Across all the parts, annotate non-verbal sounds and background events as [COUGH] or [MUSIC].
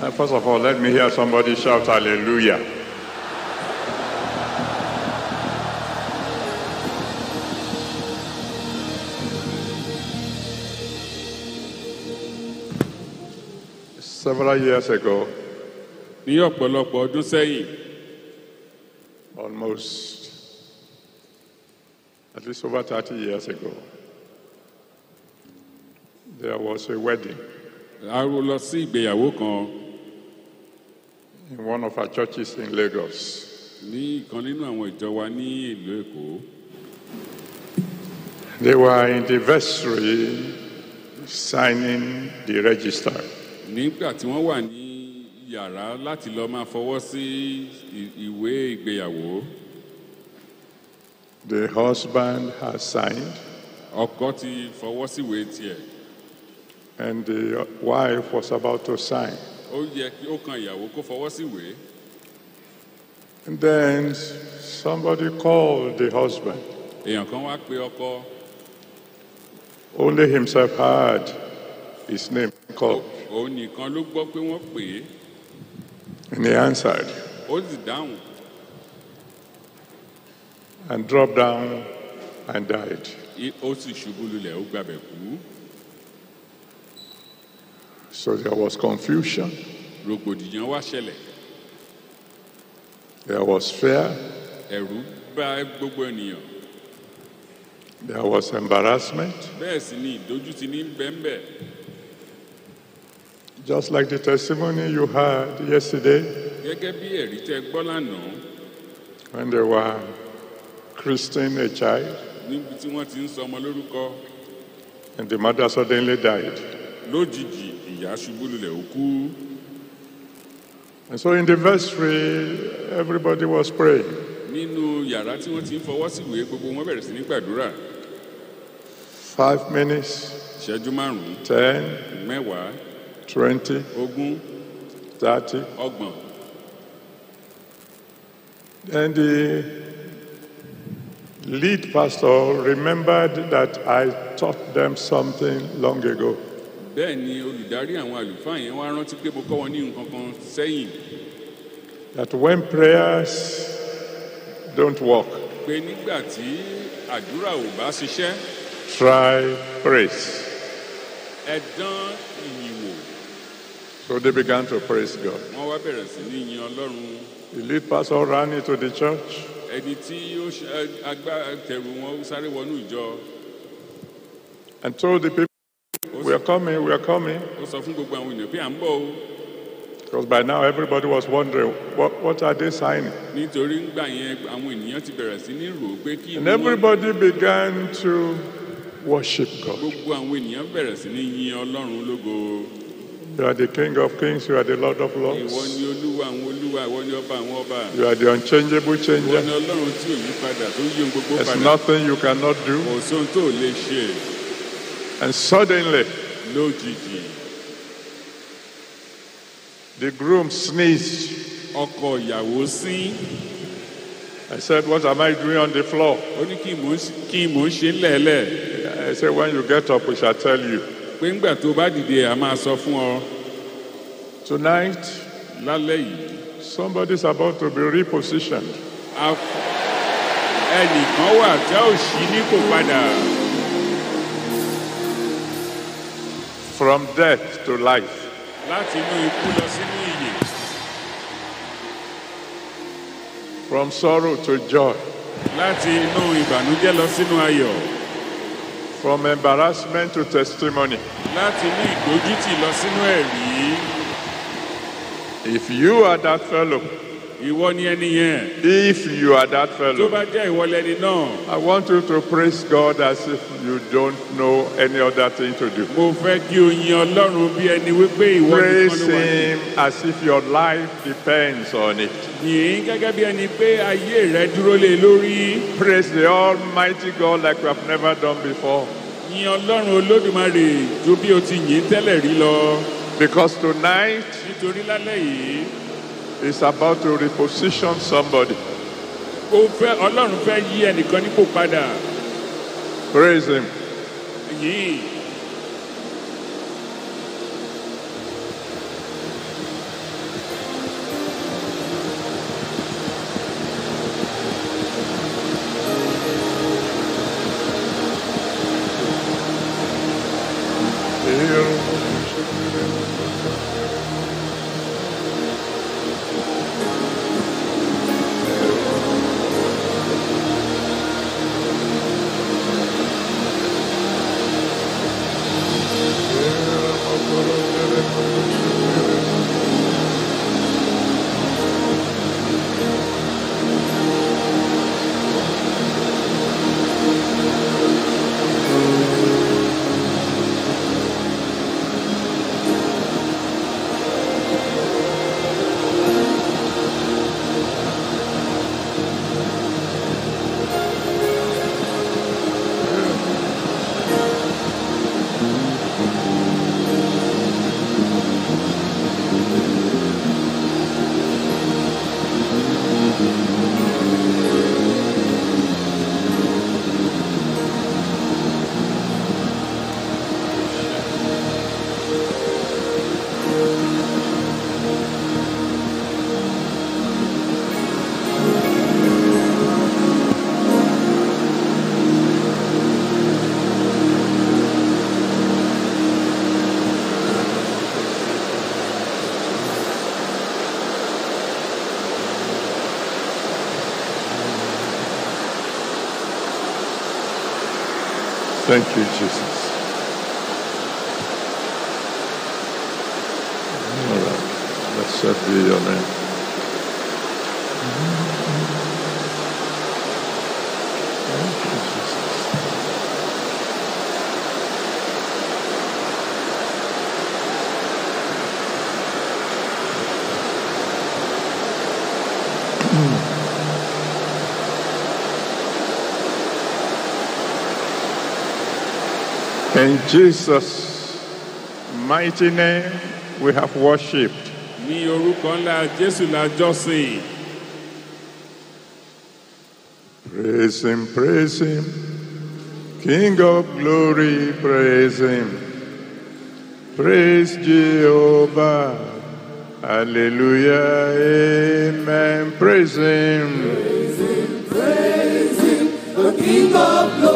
Uh, first of all, let me hear somebody shout hallelujah. Several years ago, ní ọ̀pọ̀lọpọ̀ ọdún sẹ́yìn. Almost at least over 30 years ago, there was a wedding. not lọ sí ìgbéyàwó kan in one of our churches in Lagos. They were in the vestry signing the register. The husband has signed. And the wife was about to sign. ó yẹ kí ó kan ìyàwó kó fọwọ́ sí ìwé. And then somebody called the husband. Èèyàn kan wá pe ọkọ. Only himself heard his name called. Òun nìkan ló gbọ́ pé wọ́n pè é. And he answered. Ó sì dáhùn. And dropped down and died. Ó sì ṣubú lulẹ̀, ó gbabẹ̀ kú. So there was confusion. Rògbòdìyàn wá ṣẹlẹ̀. There was fear. Ẹ̀rù bá gbogbo ènìyàn. There was embarrassment. Bẹ́ẹ̀ sì ni ìdójútì ní bẹ́ẹ̀nbẹ́. Just like the testimony you heard yesterday. Gẹ́gẹ́ bí ẹ̀rí tẹ gbọ́ lánàá. When they were christening a child. Níbi tí wọ́n ti ń sọ ọmọ lórúkọ. And the mother suddenly died. Lójijì. And so in the vestry, everybody was praying. Five minutes. Ten. Twenty. Thirty. Ọgbọ̀n. Then the lead pastor remembered that I taught them something long ago bẹ́ẹ̀ ni olùdarí àwọn àlùfáà yẹn wá rántí pé mo kọ́ wọn ní nǹkan kan sẹ́yìn. that when prayers don't work. pé nígbà tí àdúrà ò bá ṣiṣẹ́. try praise. ẹ dán ìyìn so they began to praise God. wọ́n wá bẹ̀rẹ̀ sí ní yin ọlọ́run. the lead pastor ran into the church. ẹni tí ó agbátẹrù wọn sáré wọnú ìjọ. and told the people. We are coming, we are coming. Because by now everybody was wondering, what, are they signing? And everybody began to worship God. You are the King of Kings, you are the Lord of Lords. You are the unchangeable Change. There's nothing you cannot do. And suddenly, no Gigi. The groom sneezed. Ọkọ ìyàwó sí. I said, What am I doing on the floor? Ó ní kí mò ń ṣe lẹ́lẹ̀. I said, When you get up, we shall tell you. Pé ńgbà tó bá dìde, a máa sọ fún ọ. Tonight, lálẹ́ yìí, somebody is about to be repositioned. Ẹnìkan wà tí a ò ṣí ní kò padà. from death to life. from sorrow to joy. from embarrassment to testimony. if you are that fellow. Ìwọ ni ẹni yẹn. If you are that fellow. Tó bá jẹ́ ìwọ lẹni náà. I want you to praise God as if you don't know any other thing to do. Mo fẹ́ kí o yin Ọlọ́run bí ẹni wípé ìwọ nìkan ló wà Praise him as if your life depends on it. Yìn gẹ́gẹ́ bí ẹni pé ayé rẹ dúró lé lórí. Praise the almighty God like we have never done before. Yin Ọlọ́run Olódùmarè ju bí o ti yìn tẹ́lẹ̀ rí lọ. Because tonight. Nítorí lálẹ́ yìí is about to reposition somebody. Ó fẹ́ Ọlọ́run fẹ́ yí ẹnìkan nípò padà. Praise him. Yìí. Yeah. Thank you. In Jesus' mighty name, we have worshipped. Praise him, praise him. King of glory, praise him. Praise Jehovah. Hallelujah, amen. Praise him. Praise him, praise him. The King of glory.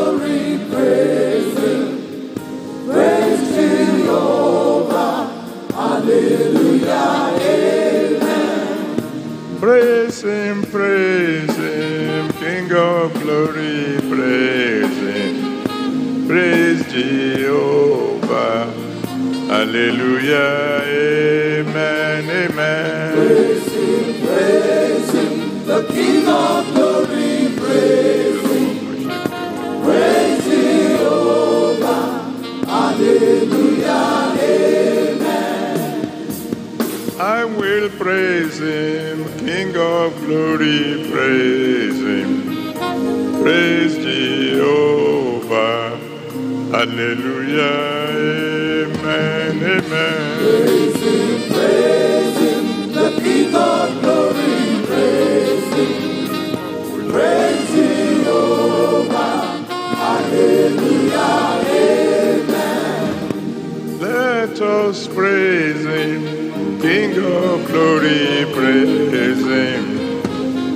Praise him, praise him, King of glory, praise him. Praise Jehovah. Hallelujah, amen, amen. Praise him, praise him, the King of glory, praise him. Praise Jehovah. Hallelujah, amen. I will praise him. King of glory, praise him. Praise Jehovah. Hallelujah. Amen. Amen. Praise him, praise him. The King of glory, praise him. Praise Jehovah. Hallelujah. Amen. Let us praise him. King of glory, praise him.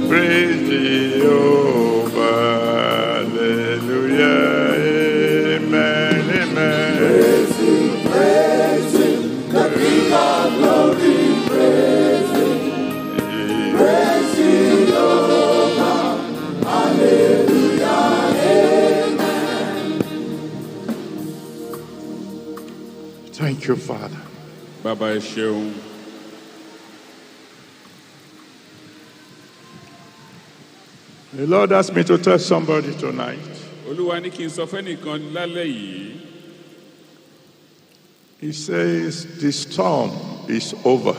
Praise Jehovah, hallelujah, amen, amen. Praise him, praise him, the King of glory, praise him. Praise Jehovah, hallelujah, amen. Thank you, Father. Bye, bye, Esheu. The Lord asked me to tell somebody tonight. He says, The storm is over.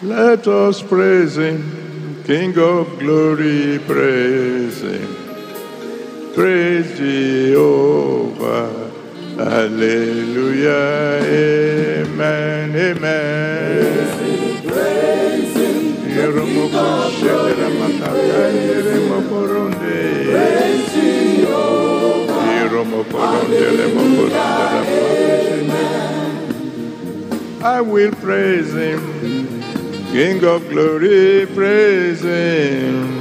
Let us praise him, King of glory, praise him. Praise Jehovah. Hallelujah. Amen. Amen. Praise him, praise him, praise I will praise him, King of glory, praise him.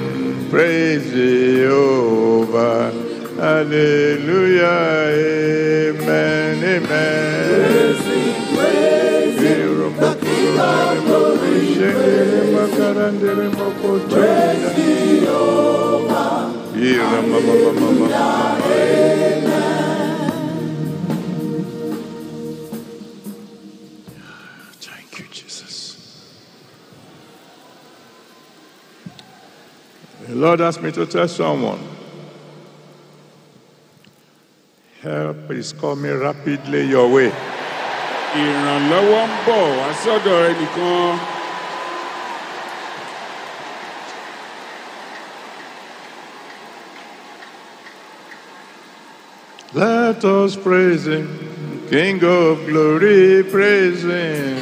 Praise Jehovah. Hallelujah. Amen. Amen. Praise Jehovah. Hallelujah. Amen. Lord asked me to tell someone. Help is coming rapidly your way. ìrànlọ́wọ́ ń bọ̀ wá sọ́dọ̀ rẹ Let us praise him, King of glory, praise him,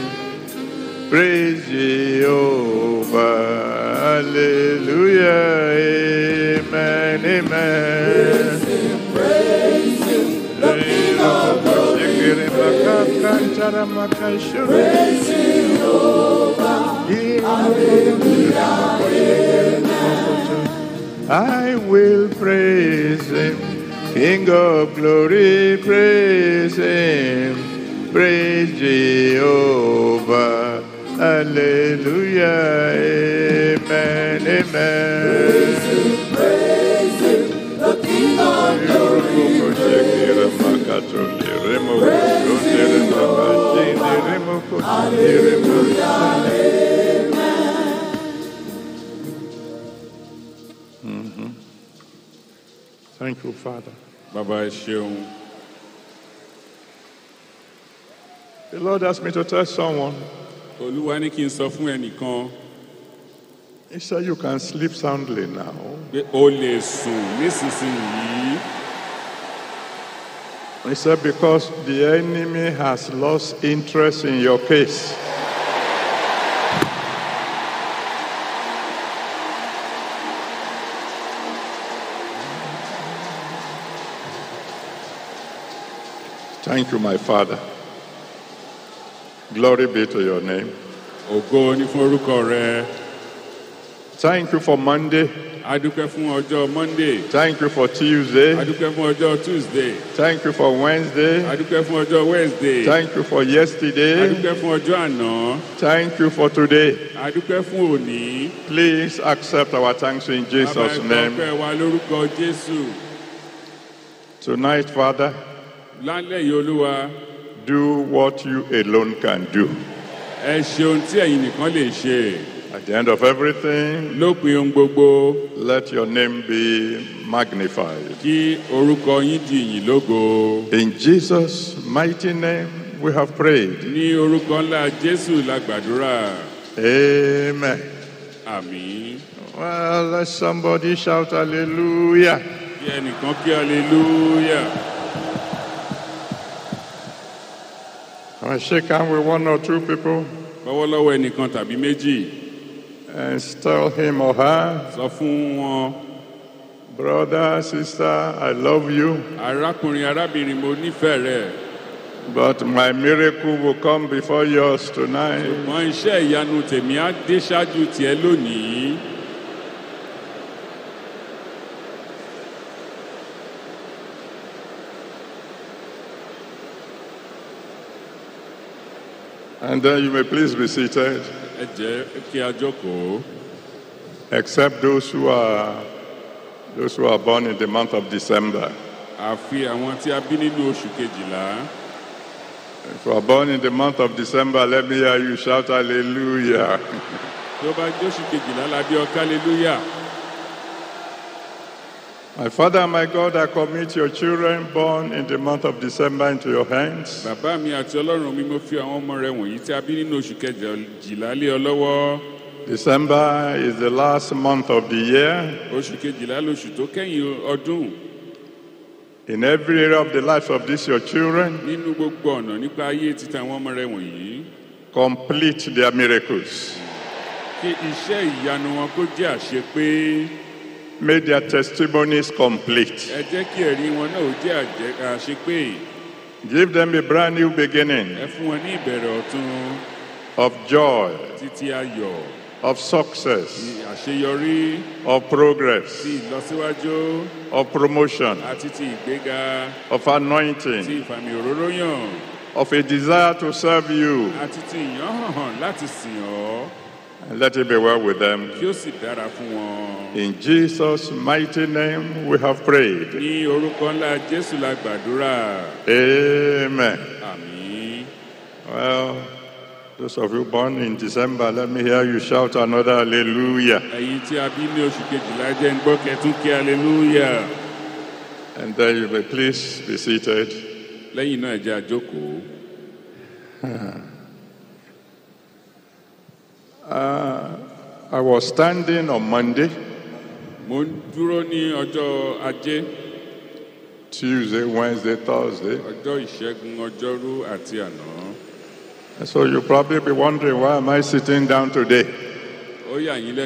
praise Jehovah. Hallelujah. Amen. Amen. Praise him, praise him. the King of Glory. Praise Jehovah. Hallelujah. Amen. I will praise him. King of glory, praise him. Praise Jehovah. Hallelujah. Amen amen, amen. Praise him, praise him, the King of glory. Hallelujah, amen. Mm-hmm. Thank you, Father. Bye bye, Shion. The Lord asked me to tell someone. Olúwa ní sọ fún ẹnìkan. He said, You can sleep soundly now. He said, Because the enemy has lost interest in your case. Thank you, my Father. Glory be to your name. Thank you for Monday. Adúpẹ́ fún ọjọ́ Monday. Thank you for Tuesday. Adúpẹ́ fún ọjọ́ Tuesday. Thank you for Wednesday. Adúpẹ́ fún ọjọ́ Wednesday. Thank you for yesterday. Adúpẹ́ fún ọjọ́ àná. Thank you for today. Adúpẹ́ fún òní. Please accept our thanks in Jesus' name. Àbá ìtọ́pẹ́ wa lórúkọ Jésù. Tonight, Father. Lálẹ́ yìí Olúwa. Do what you alone can do. Ẹ ṣe ohun tí ẹ̀yin nìkan lè ṣe. At the end of everything, let your name be magnified. Kí lógo. In Jesus' mighty name we have prayed. Ní Amen. Well, let somebody shout hallelujah. Kí ẹnìkan kí hallelujah. I shake hands with one or two people. Lọ́wọ́lọ́wọ́ ẹnìkan tàbí méjì. Install him or her. Sọ fún wọn. Brother, sister, I love you. Arákùnrin arábìnrin mo nífẹ̀ẹ́ rẹ. But my miracle will come before yours tonight. Ṣùgbọ́n iṣẹ́ ìyanu tèmi á dé ṣáájú tiẹ̀ lónìí. And then you may please be seated. Except those who are those who are born in the month of December. Àfi If you are born in the month of December, let me hear you shout hallelujah. Tó bá jóṣù My father, my God, I commit your children born in the month of December into your hands. Bàbá mi àti Ọlọ́run mi mo fi àwọn ọmọ rẹ wọ̀nyí tí a bí nínú oṣù kejìlá lé ọ lọ́wọ́. December is the last month of the year. Oṣù kejìlá lóṣù tó kẹ́yìn ọdún. In every area of the life of these your children. Nínú gbogbo ọ̀nà nípa ayé títa àwọn ọmọ rẹ wọ̀nyí. Complete their miracles. Kí iṣẹ́ ìyanu wọn kó jẹ́ àṣepé. May their testimonies complete. Give them a brand new beginning. Of joy. Of success. Of progress. Of promotion. Of anointing. Of a desire to serve you. Let it be well with them. In Jesus' mighty name we have prayed. Amen. Amen. Well, those of you born in December, let me hear you shout another hallelujah. And then you may please be seated. [LAUGHS] Uh, I was standing on Monday. Tuesday, Wednesday, Thursday. So you probably be wondering why am I sitting down today? yà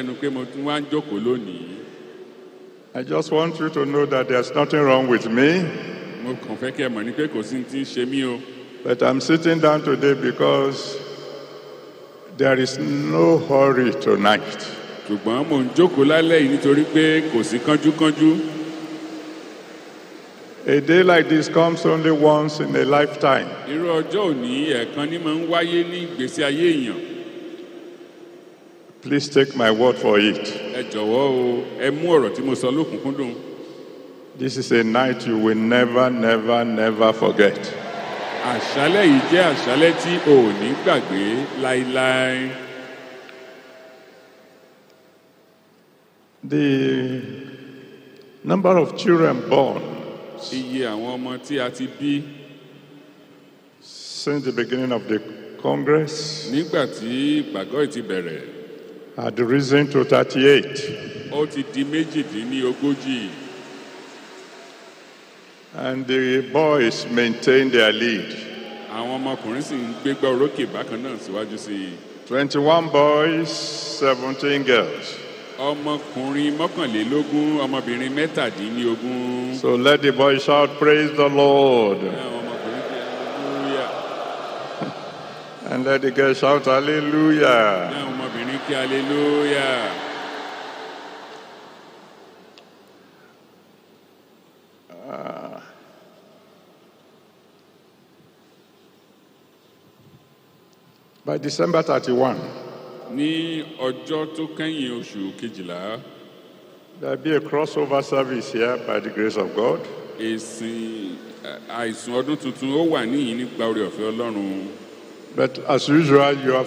I just want you to know that there's nothing wrong with me. But I'm sitting down today because There is no hurry tonight. Ṣùgbọ́n mò ń jókòó lálẹ́ yìí nítorí pé kò sí kánjúkánjú. A day like this comes only once in a lifetime. Irú ọjọ́ òní ẹ̀ẹ̀kan ní máa ń wáyé ní ìgbésí ayé èèyàn. Please take my word for it. Ẹ jọ̀wọ́ o, ẹ mú ọ̀rọ̀ tí mo sọ lókùnkúndùn. This is a night you will never, never, never forget àṣálẹ́ yìí jẹ́ àṣálẹ́ tí o ní gbàgbé láíláí. The number of children born. Iye àwọn ọmọ tí a ti bí. Since the beginning of the Congress. Nígbà tí ìpàgọ́ ti bẹ̀rẹ̀. Had risen to thirty-eight. Ó ti di méjìdínlógójì. And the boys maintain their lead. Àwọn ọmọkùnrin sì ń gbégbá orókè bákan náà síwájú sí i. Twenty-one boys, seventeen girls. Ọmọkùnrin mọ́kànlélógún, ọmọbìnrin mẹ́tàdínlógún. So let the boys shout praise the Lord. And let the girls shout hallelujah. hallelujah. By December 31. Ní ọjọ́ tó kẹ́yìn oṣù kejìlá. There be a crossover service here by the grace of God. Èsìn àìsùn ọdún tuntun ó wà níyìn nípa orí ọ̀fẹ́ Ọlọ́run. But as usual, you are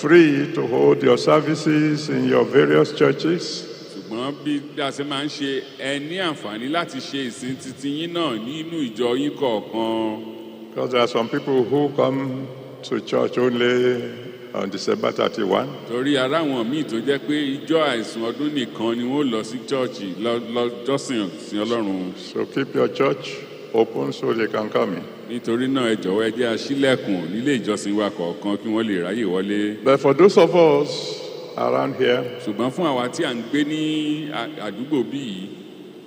free to hold your services in your various churches. Ṣùgbọ́n bí a ṣe máa ń ṣe ẹ àǹfààní láti ṣe ìsìn titi yín náà nínú ìjọ yín kọ̀ọ̀kan. Because there are some people who come to church only on december thirty one. torí ara àwọn míì tó jẹ́ pé ijó àìsùn ọdún nìkan ni wọ́n lọ sí chọ́ọ̀chì lọ́jọ́sìn sí ọlọ́run. so keep your church open so they can come in. nítorí náà ẹ jọ̀wọ́ ẹ jẹ́ aṣílẹ̀kùn nílé ìjọsìn wa kọ̀ọ̀kan kí wọ́n lè ráyè wọlé. but for those of us around here. ṣùgbọ́n fún àwa tí à ń gbé ní àdúgbò bíi.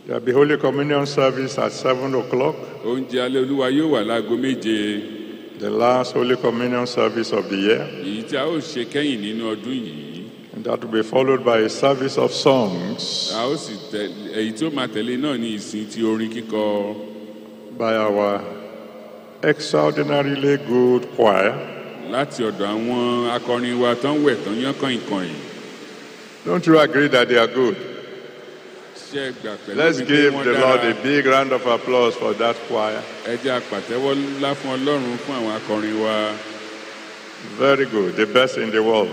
there be holy communion service at seven o'clock. oúnjẹ alẹ́ olúwa yóò wà láago méje the last Holy Communion service of the year. Èyí tí a ó ṣe kẹ́yìn nínú ọdún yìí. And that will be followed by a service of songs. A ó sì tẹ̀lé èyí tí ó máa tẹ̀lé náà ní ìsìn ti orin kíkọ. By our extraordinarily good choir. Láti ọ̀dọ̀ àwọn akọrin wa tán wẹ̀ tán yán kàn ìkànnì. Don't you agree that they are good? Let's give the Lord a big round of applause for that choir. Very good, the best in the world.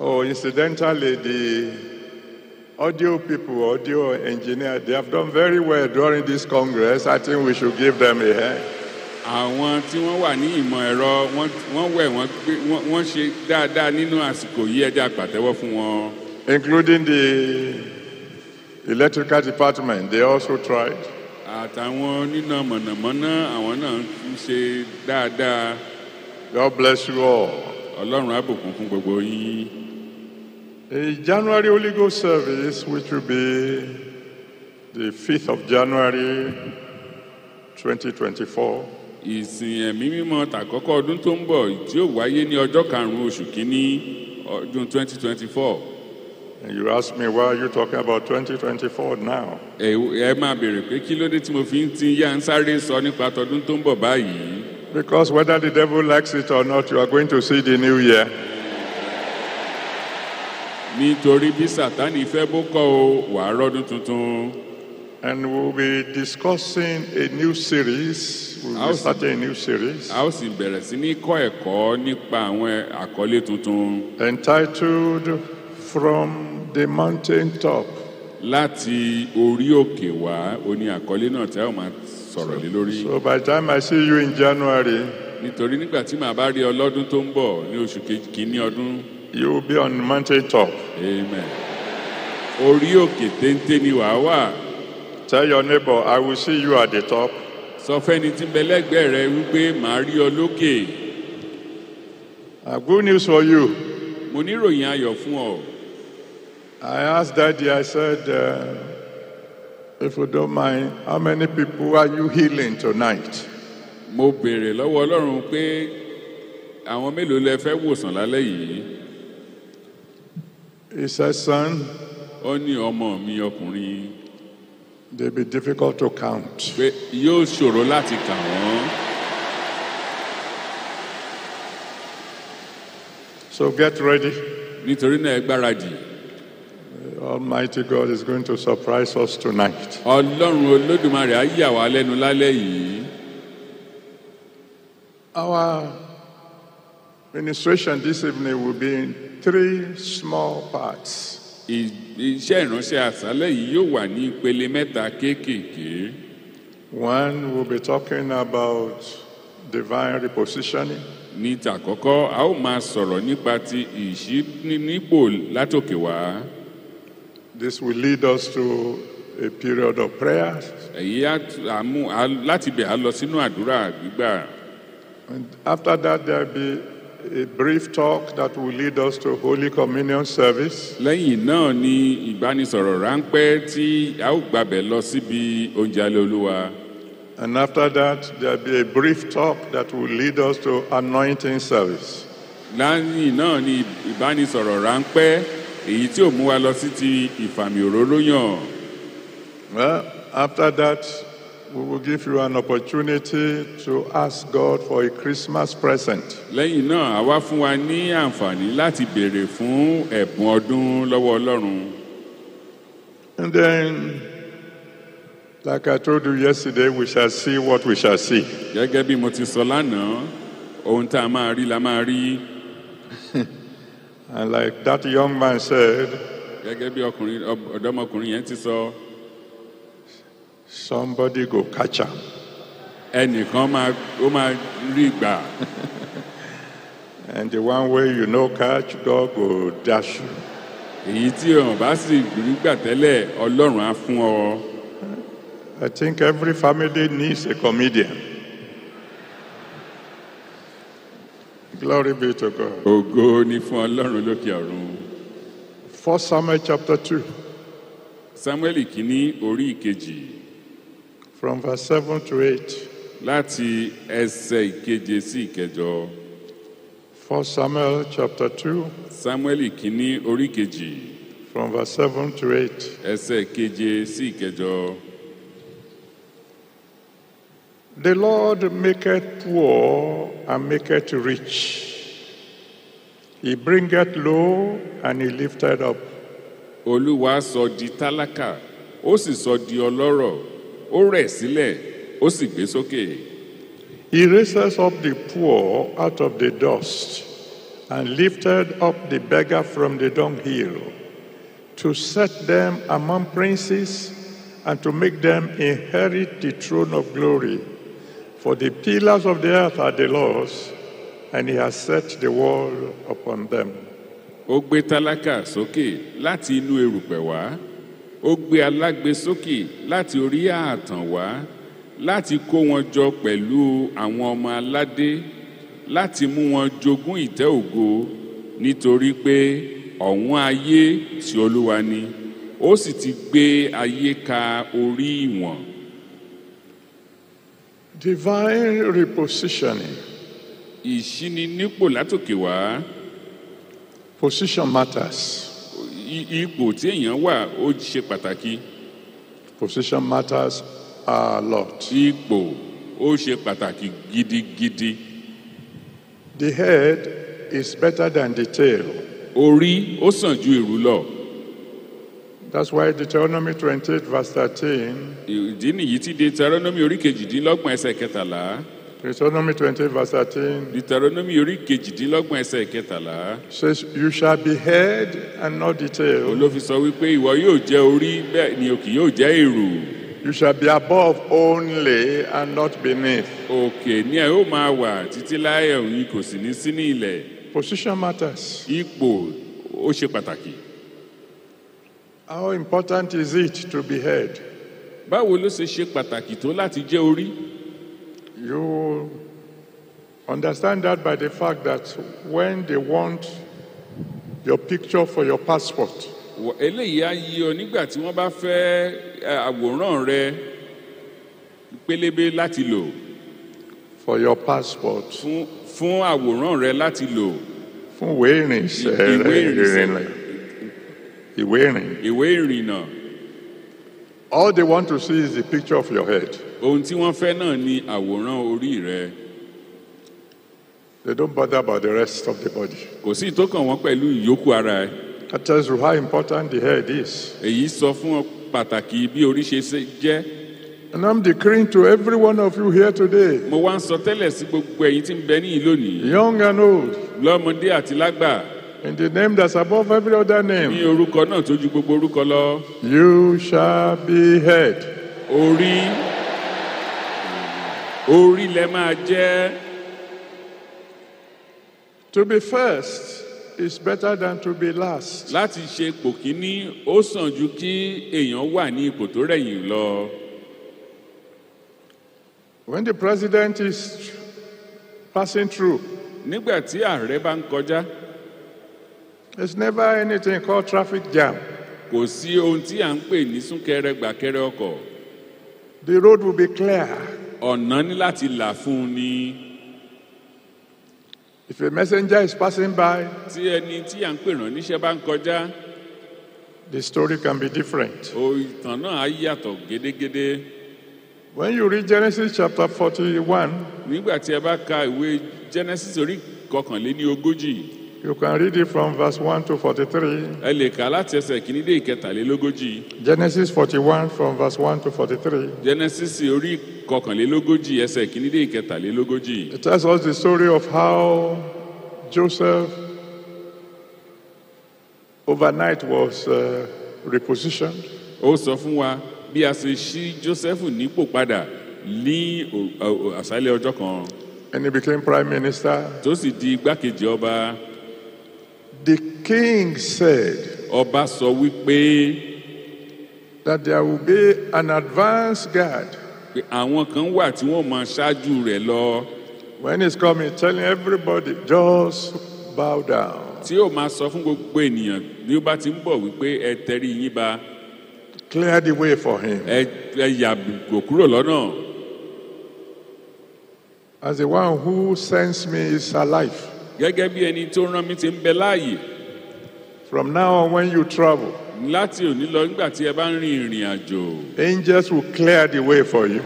Oh, incidentally, the audio people, audio engineer, they have done very well during this Congress. I think we should give them a hand. àwọn tí wọ́n wà ní ìmọ̀ ẹ̀rọ wọ́n wẹ̀ wọ́n ṣe dáadáa nínú àsìkò pàtẹ́wọ́ fún wọn. including the electrical department they also tried. àtàwọn nínú mọ̀nàmọ́ná àwọn náà ń ṣe dáadáa. God bless you all. ọlọ́run á fún gbogbo yín. a January Holy Ghost service which will be the fifth of January twenty twenty four. ìsìn ẹ̀mí mímọ́ tàkọ́kọ́ ọdún tó ń bọ̀ tí ó wáyé ní ọjọ́ karùn-ún oṣù kínní ọdún 2024. And you ask me why you talking about 2024 now? Ẹ ẹ máa béèrè pé kí ló dé tí mo fi ń ti yá ń sáré sọ nípa tọdún tó ń bọ̀ báyìí. Because whether the devil likes it or not, you are going to see the new year. Nítorí bí Sàtánì fẹ́ bó kọ́ o, wàá rọ́dún tuntun. And we'll be discussing a new series. We'll be starting a new series. A ó sì bẹ̀rẹ̀ sí ní kọ́ ẹ̀kọ́ nípa àwọn àkọlé tuntun. Entitled From the Mountain Top. Láti orí òkè wá, o ní àkọlé náà tí a máa sọ̀rọ̀ lé lórí. So by the time I see you in January. Nítorí nígbà tí màá bá rí ọ lọ́dún tó ń bọ̀ ní oṣù kìíní ọdún. You will be on mountain top. Amen. Orí òkè téńté ni wàá wà. Tell your neighbor, I will see you at the top. Sọ fẹ́ni tí ń bẹ lẹ́gbẹ̀ẹ́ rẹ wípé màá rí ọ lókè. Good news for you. Mo ní ìròyìn ayọ̀ fún ọ. I asked daddy, I said, uh, if you don't mind, how many people are you healing tonight? Mo béèrè lọ́wọ́ Ọlọ́run pé àwọn mélòó lẹ fẹ́ wòsàn lálẹ́ yìí. He said, son. Ó ní ọmọ mi ọkùnrin. They be difficult to count. Pé yóò ṣòro láti kà wọ́n. So get ready. Nítorí náà ẹ gbáradì. Almighty God is going to surprise us tonight. Ọlọ́run Olódùmarè á yà wá lẹ́nu lálẹ́ yìí. Our ministration this evening will be in three small parts iṣẹ́ ìránṣẹ́ àṣálẹ̀ yìí yóò wà ní ìpele mẹ́ta kéékèèké. one will be talking about divine repositioning. ní tàkọ́kọ́ a ó máa sọ̀rọ̀ nípa ti ìṣínípò látòkè wá. this will lead us to a period of prayer. èyí á mú láti bẹ̀ á lọ sínú àdúrà gbígbà. and after that there be a brief talk that will lead us to Holy Communion service. Lẹ́yìn náà ni ìbánisọ̀rọ̀ ráńpẹ́ tí a ó gbàbẹ̀ lọ síbi oúnjẹ alẹ́ olúwa. And after that, there will be a brief talk that will lead us to anointing service. Lẹ́yìn náà ni ìbánisọ̀rọ̀ ráńpẹ́ èyí tí ò mú wa lọ sí ti ìfàmì òróró yàn. Well, after that we will give you an opportunity to ask God for a Christmas present. Lẹ́yìn náà, àwa fún wa ní àǹfààní láti béèrè fún ẹ̀bùn ọdún lọ́wọ́ Ọlọ́run. And then, like I told you yesterday, we shall see what we shall see. Gẹ́gẹ́ bí mo ti sọ lánàá, ohun tá a máa rí la máa rí. [LAUGHS] And like that young man said. Gẹ́gẹ́ bí ọkùnrin ọ̀dọ́mọkùnrin yẹn ti sọ. So, Somebody go catch am. Ẹnìkan máa ó máa rí ìgbà. And the one way you no catch, God go dash you. Èyí tí ọ̀n bá sì rí gbà tẹ́lẹ̀, Ọlọ́run á fún ọ. I think every family needs a comedian. Glory be to God. Ògo ni fún Ọlọ́run lókè ọ̀run. First Samuel chapter two. Samuel kìíní orí ìkejì from verse seven to 8. Láti ẹsẹ̀ ìkeje sí ìkẹjọ. For Samuel chapter two. Samuel kìíní orí kejì. From verse seven to 8. Ẹsẹ̀ keje sí ìkẹjọ. The Lord maketh poor and maketh rich. He bringeth low and he lifteth up. Olúwa sọ di tálákà, ó sì sọ di ọlọ́rọ̀ ó rẹ̀ sílẹ̀ ó sì gbé sókè. He raises up the poor out of the dust and lifted up the beggar from the dunghill to set them among princes and to make them inherit the throne of glory. For the pillars of the earth are the Lord's, and he has set the world upon them. Ó gbé tálákà sókè láti inú erùpẹ̀ wá ó gbé alágbe láti orí ààtàn wá láti kó wọn jọ pẹ̀lú àwọn ọmọ aládé láti mú wọn jogún ìtẹ́ ògo nítorí pé ọ̀wọ́n ayé ti olúwa ni ó sì ti gbé ayé ka orí ìwọ̀n. divine repositioning. ìṣínínípò látòkè wá. position matters ipò tí èèyàn wà ó ṣe pàtàkì. Position matters a lot. Ipò ó ṣe pàtàkì gidigidi. The head is better than the tail. Orí ó sàn ju ìrù lọ. That's why Deuteronomy twenty-eight verse thirteen. Ìdí nìyí tí Deuteronomy orí kejìdínlọ́gbọ̀n ẹsẹ̀ kẹtàlá. Deuteronomy twenty verse thirteen. Deuteronomy orí kejìdínlọ́gbọ̀n ẹsẹ̀ kẹtàlá. says you shall be head and not the tail. Olófin sọ wípé ìwọ yóò jẹ́ orí bẹ́ẹ̀ ni o yóò jẹ́ èrò. You shall be above only and not beneath. Òkè ni ẹ ó máa wà títí láyé òun kò sì ní sí ilẹ̀. Position matters. Ipò ó ṣe pàtàkì. How important is it to be head? Báwo ló ṣe ṣe pàtàkì tó láti jẹ́ orí? You understand that by the fact that when they want your picture for your passport. eléyìí á yí ọ nígbà tí wọ́n bá fẹ́ àwòrán rẹ pélébé láti lò. for your passport. fún fún àwòrán rẹ láti lò. fún ìwé ìrìnsẹ̀ rẹ ìwé ìrìn. ìwé all they want to see is the picture of your head. ohun tí wọ́n fẹ́ náà ni àwòrán orí rẹ. They don't bother about the rest of the body. Kò sí ìtókàn wọn pẹ̀lú ìyókù ara ẹ. That tells you how important the head is. Èyí sọ fún ọ pàtàkì bí orí ṣe jẹ́. And I'm declaring to every one of you here today. Mo wá ń sọ tẹ́lẹ̀ sí gbogbo ẹ̀yin tí ń bẹ níyì lónìí. Young and old. Lọ́mọdé àti lágbà. In the name that's above every other name. Ní orúkọ náà tó ju gbogbo orúkọ lọ. You shall be head. Orí orí lẹ máa jẹ́. To be first is better than to be last. Láti ṣe ipò kíní, ó sàn ju kí èèyàn wà ní ipò tó rẹ̀yìn lọ. When the president is passing through. Nígbà tí ààrẹ bá ń kọjá. There is never anything called traffic jam. Kò sí ohun tí à ń pè ní súnkẹrẹ gbàkẹrẹ ọkọ̀. The road will be clear ọ̀nà ní láti là fún un ni. If a messenger is passing by. Tí ẹni tí à ń pè rán níṣẹ́ bá ń kọjá. The story can be different. O ìtàn náà á yàtọ̀ gédégédé. When you read Genesis chapter forty-one. Nígbà tí ẹ bá ka ìwé Genesis orí kọkànléní ogójì. You can read it from verse 1 to 43. Ẹ lè kà láti ẹsẹ̀ kìíní dé ìkẹtàlélógójì. Genesis 41 from verse 1 to 43. Genesis orí kọkànlélógójì ẹsẹ̀ kìíní dé ìkẹtàlélógójì. It tells us the story of how Joseph overnight was uh, repositioned. Ó sọ fún wa bí a ṣe ṣí Joseph nípò padà ní àṣálẹ̀ ọjọ́ kan. And he became prime minister. Tó sì di igbákejì ọba. The king said. Ọba sọ wípé. That there will be an advance guard. Pé àwọn kan wà tí wọ́n máa ṣáájú rẹ̀ lọ. When he's coming, telling everybody, just bow down. Tí ó máa sọ fún gbogbo ènìyàn bí ó bá ti ń bọ̀ wípé ẹ tẹrí yín ba. Clear the way for him. Ẹ ẹ yàgò kúrò lọ́nà. As the one who sends me is alive gẹ́gẹ́ bí ẹni tó rán mi ti ń bẹ láàyè. From now on when you travel. Láti òní lọ nígbà tí ẹ bá ń rin ìrìn àjò. Angels will clear the way for you.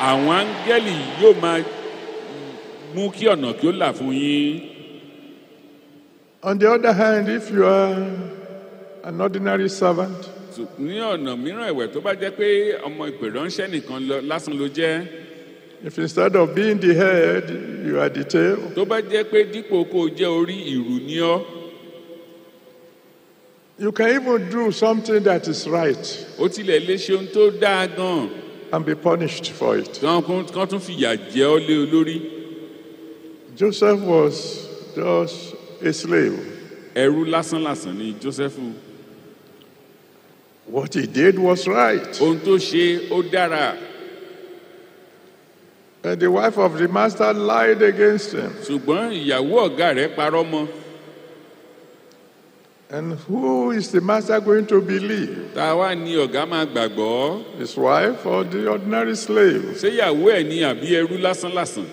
Àwọn áńgẹ́lì yóò máa mú kí ọ̀nà kí ó là fún yín. On the other hand, if you are an ordinary servant. Ní ọ̀nà mìíràn ẹ̀wẹ̀ tó bá jẹ́ pé ọmọ ìpè ránṣẹ́ nìkan lásán ló jẹ́. If instead of being the head, you are the tail. Tó bá jẹ́ pé dípò kó o jẹ́ orí ìrù ní ọ́. You can even do something that is right. Ó tilẹ̀ lè ṣe ohun tó dáa gan. And be punished for it. Kan tún fìyà jẹ ọ́ lé olórí. Joseph was just a slave. Ẹrú lásánlàsán ni Joseph. What he did was right. Ohun tó ṣe ó dára. And the wife of the master lied against him. Ṣùgbọ́n ìyàwó ọ̀gá rẹ̀ parọ́ mọ́. And who is the master going to believe? Ta wá ni ọ̀gá máa gbàgbọ́? His wife or the ordinary slave? Ṣé ìyàwó ẹ̀ ni àbí ẹrú lásánlàsàn?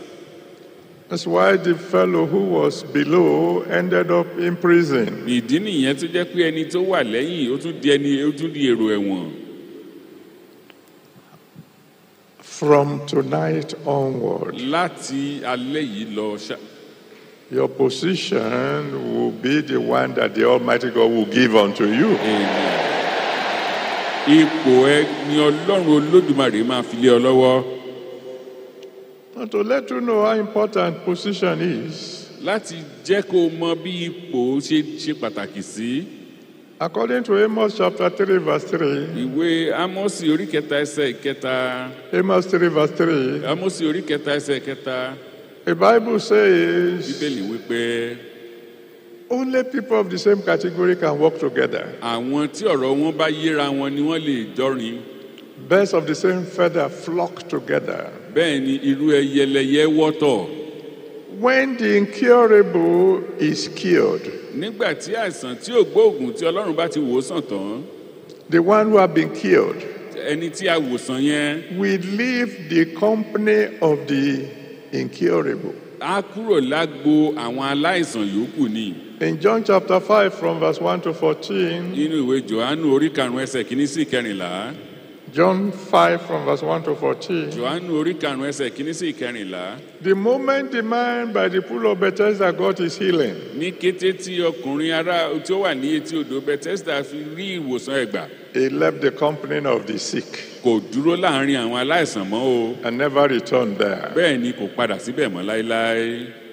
That's why the fellow who was below ended up in prison. Ìdí nìyẹn tó jẹ́ pé ẹni tó wà lẹ́yìn ó tún di ẹni ó tún di èrò ẹ̀wọ̀n. From tonight onward. Láti alẹ́ yìí lọ ṣá. Your position will be the one that the Almighty God will give unto you. Ipò ẹ ni Ọlọ́run Olódùmarè máa fi lé ọ lọ́wọ́. to let you know how important position is. Láti jẹ́ kó mọ bí ipò ṣe ṣe pàtàkì sí. According to Amos chapter three verse three, Ìwé Amosi orí kẹta ẹsẹ̀ ìkẹta. Amos three verse three, Amosi orí kẹta ẹsẹ̀ ìkẹta. The bible says. Bíbélì wípé. Only people of the same category can work together. Àwọn tí ọ̀rọ̀ wọn bá yíra wọn ni wọ́n lè jọrin. Birds of the same feather flock together. Bẹ́ẹ̀ ni irú ẹyẹlẹyẹ wọ́tọ̀. When the incurable is cured nígbà tí àìsàn tí ò gbóògùn tí ọlọ́run bá ti wò sàn tán. the one who have been killed. ẹni tí a wòsàn yẹn. we leave the company of the incurable. a kúrò lágbo àwọn aláìsàn yòókù ni. in john chapter five from verse one to fourteen. nínú ìwé johannu orí karùn-ún ẹsẹ̀ kìíní sí kẹrìnlá. John 5 from verse 1 to 14. The moment the man by the pool of Bethesda got his healing. wà He left the company of the sick. And never returned there. padà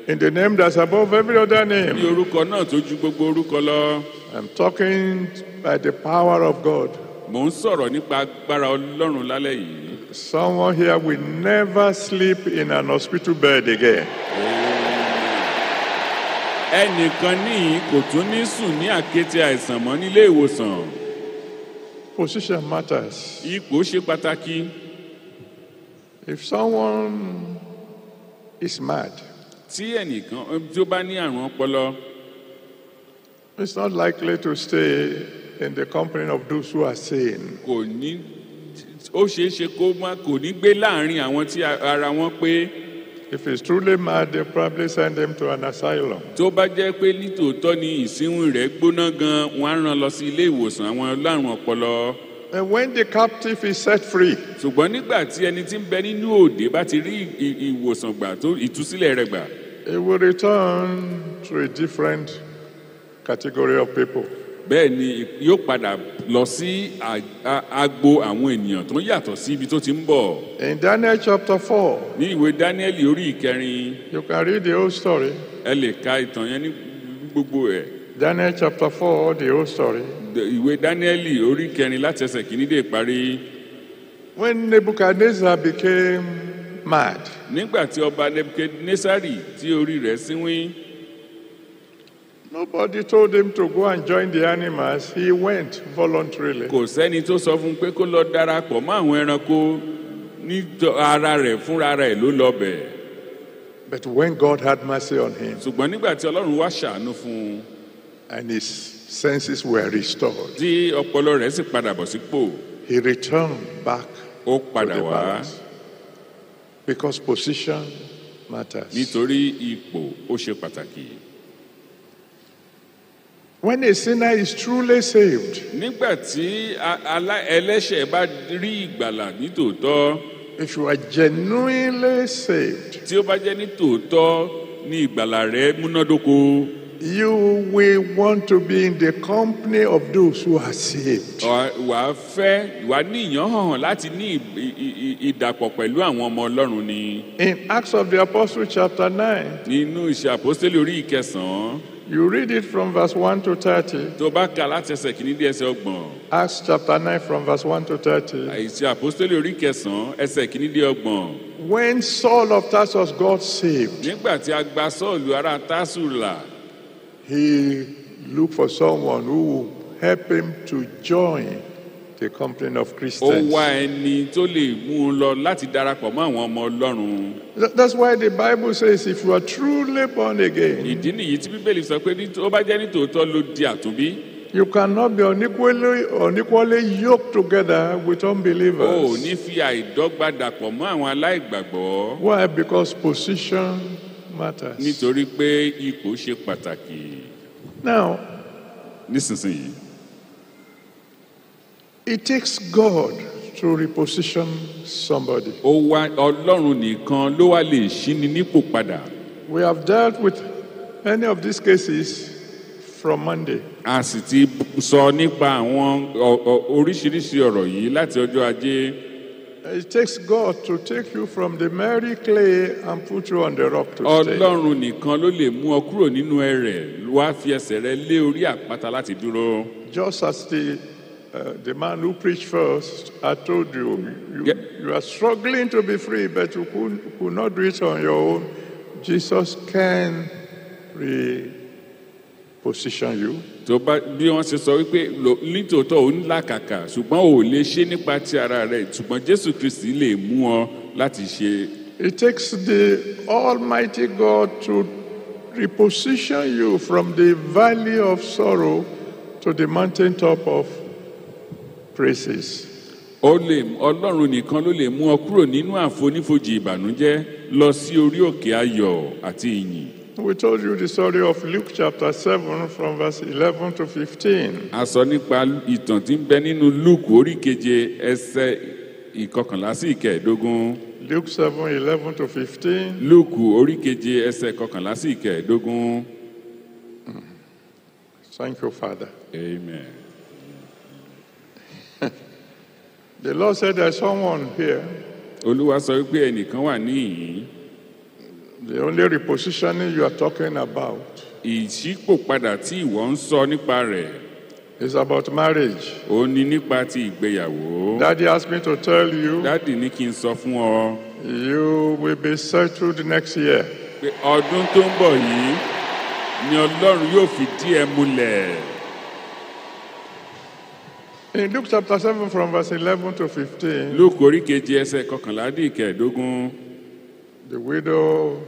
In the name that's above every other name. lọ. I'm talking by the power of God. Mò ń sọ̀rọ̀ nípa agbára Ọlọ́run lálẹ́ yìí. Someone here will never sleep in an hospital bed again. Ẹnìkan níyì kò tún ní sùn ní àkéte àìsàn mọ́ nílé ìwòsàn. Position matters. Ipò ṣe pàtàkì. If someone is mad. Tí ẹnìkan tí ó bá ní àrùn ọpọlọ. It's not likely to stay in the company of those who are sane. kò ní ó ṣeé ṣe kó má kò ní gbé láàrin àwọn tí ara wọn pé. if he's truly mad they probably send him to an asylum. tó bá jẹ́ pé nítòótọ́ ni ìsínwìn rẹ̀ gbóná gan wọ́n á rán lọ sí ilé ìwòsàn àwọn ọlọ́run ọpọlọ. And when the captive is set free. ṣùgbọ́n nígbà tí ẹni tí ń bẹ nínú òde bá ti rí ìwòsàn gbà tó ìtúsílẹ̀ rẹ̀ gbà. he will return to a different category of people bẹ́ẹ̀ ni yóò padà lọ sí agbo àwọn ènìyàn tó yàtọ̀ sí ibi tó ti ń bọ̀. in daniel chapter four. ní ìwé daniel orí ìkẹrin. you can read the whole story. ẹ lè ka ìtàn yẹn ní gbogbo ẹ. daniel chapter four the whole story. ìwé daniel orí ìkẹrin láti ẹsẹ̀ kìíní dé parí. when nebuchadnezzar became mad. nígbà tí ọba nebuchadnezzar tí orí rẹ̀ síwín. Si Nobody told him to go and join the animals. He went voluntarily. Kò sẹ́ni tó sọ fún un pé kó lọ darapọ̀ mọ́ àwọn ẹranko ní ara rẹ̀ fúnra rẹ̀ ló lọ bẹ̀. But when God had mercy on him. Ṣùgbọ́n nígbà tí Ọlọ́run wá ṣàánú fún un. And his senses were restored. Tí ọpọlọ rẹ̀ sì padà bọ̀ sípò. He returned back to the palace Because position matters. Nítorí ipò ó ṣe pàtàkì. When a sinner is truly saved. Nígbà tí ẹlẹ́ṣẹ̀ bá rí ìgbàlà ní tòótọ́. If you are genuinely saved. Tí ó bá jẹ́ ní tòótọ́ ní ìgbàlà rẹ̀ múnádóko. You will want to be in the company of those who are saved. Wà á fẹ́, wà ní ìyànhàn láti ní ìdàpọ̀ pẹ̀lú àwọn ọmọ Ọlọ́run ni. In Acts of the Apostles chapter nine. Nínú ìṣe àpọ́sítélì orí ìkẹsàn-án. You read it from verse 1 to 30. ẹsẹ̀ kìíní ẹsẹ̀ ọgbọ̀n. Acts chapter 9 from verse 1 to 30. aisi àpòsítélì orí kẹsàn-án ẹsẹ̀ kìíní ọgbọ̀n. When Saul of Tarsus got saved. Nígbà tí a gba Sọ́ọ̀lù ará là. He looked for someone who would help him to join the company of Christians. Ó wá ẹni tó lè mú un lọ láti darapọ̀ mọ́ àwọn ọmọ Ọlọ́run. That's why the Bible says if you are truly born again. Ìdí nìyí tí Bíbélì sọ pé ó bá jẹ́ ní ló di àtúnbí. You cannot be unequally, unequally yoked together with unbelievers. O ní fi àìdọ́gba dàpọ̀ mọ́ àwọn aláìgbàgbọ́. Why? Because position matters. Nítorí pé ipò ṣe pàtàkì. Now. Nísinsìnyí. It takes God to reposition somebody. Ó wá Ọlọ́run nìkan ló wá lè ṣí ni nípò padà. We have dealt with many of these cases from Monday. A sì ti sọ nípa àwọn oríṣiríṣi ọ̀rọ̀ yìí láti ọjọ́ ajé. It takes God to take you from the merry clay and put you on the rock to stay. Ọlọ́run nìkan ló lè mú ọ kúrò nínú ẹrẹ̀ wá fi ẹsẹ̀ rẹ lé orí àpáta láti dúró. Just as the Uh, the man who preached first, I told you, you, yeah. you are struggling to be free, but you could, could not do it on your own. Jesus can reposition you. tó bá bí wọ́n ṣe sọ wípé nítòótọ́ ò làkàkà ṣùgbọ́n ò lè ṣe nípa ti ara rẹ̀ ṣùgbọ́n jésù kristi lè mú ọ láti ṣe. It takes the Almighty God to reposition you from the valley of sorrow to the mountain top of praises. ó lè ọlọ́run nìkan ló lè mú ọ kúrò nínú àfonífojì ìbànújẹ́ lọ sí orí òkè ayọ̀ àti ìyìn. We told you the story of Luke chapter seven from verse eleven to fifteen. A sọ nípa ìtàn tí ń bẹ nínú Luke orí keje ẹsẹ̀ ìkọkànlá sí ìkẹẹ̀dógún. Luke seven eleven to fifteen. Luke orí keje ẹsẹ̀ ìkọkànlá sí ìkẹẹ̀dógún. Thank you, Father. Amen. The Lord said there's someone here. Olúwa sọ wípé ẹnìkan wà níhìn The only repositioning you are talking about. Ìṣípòpadà tí ìwọ ń sọ nípa rẹ̀. It's about marriage. Ó ní nípa ti ìgbéyàwó. Daddy asked me to tell you. Dádì ní kí n sọ fún ọ. You will be settled next year. ọdún tó ń bọ̀ yìí ni Ọlọ́run yóò fi dí ẹ múlẹ̀. In Luke chapter 7 from verse 11 to 15. Luke orí kejì ẹsẹ̀ kọkànlá dín ìkẹẹ̀dógún. The widow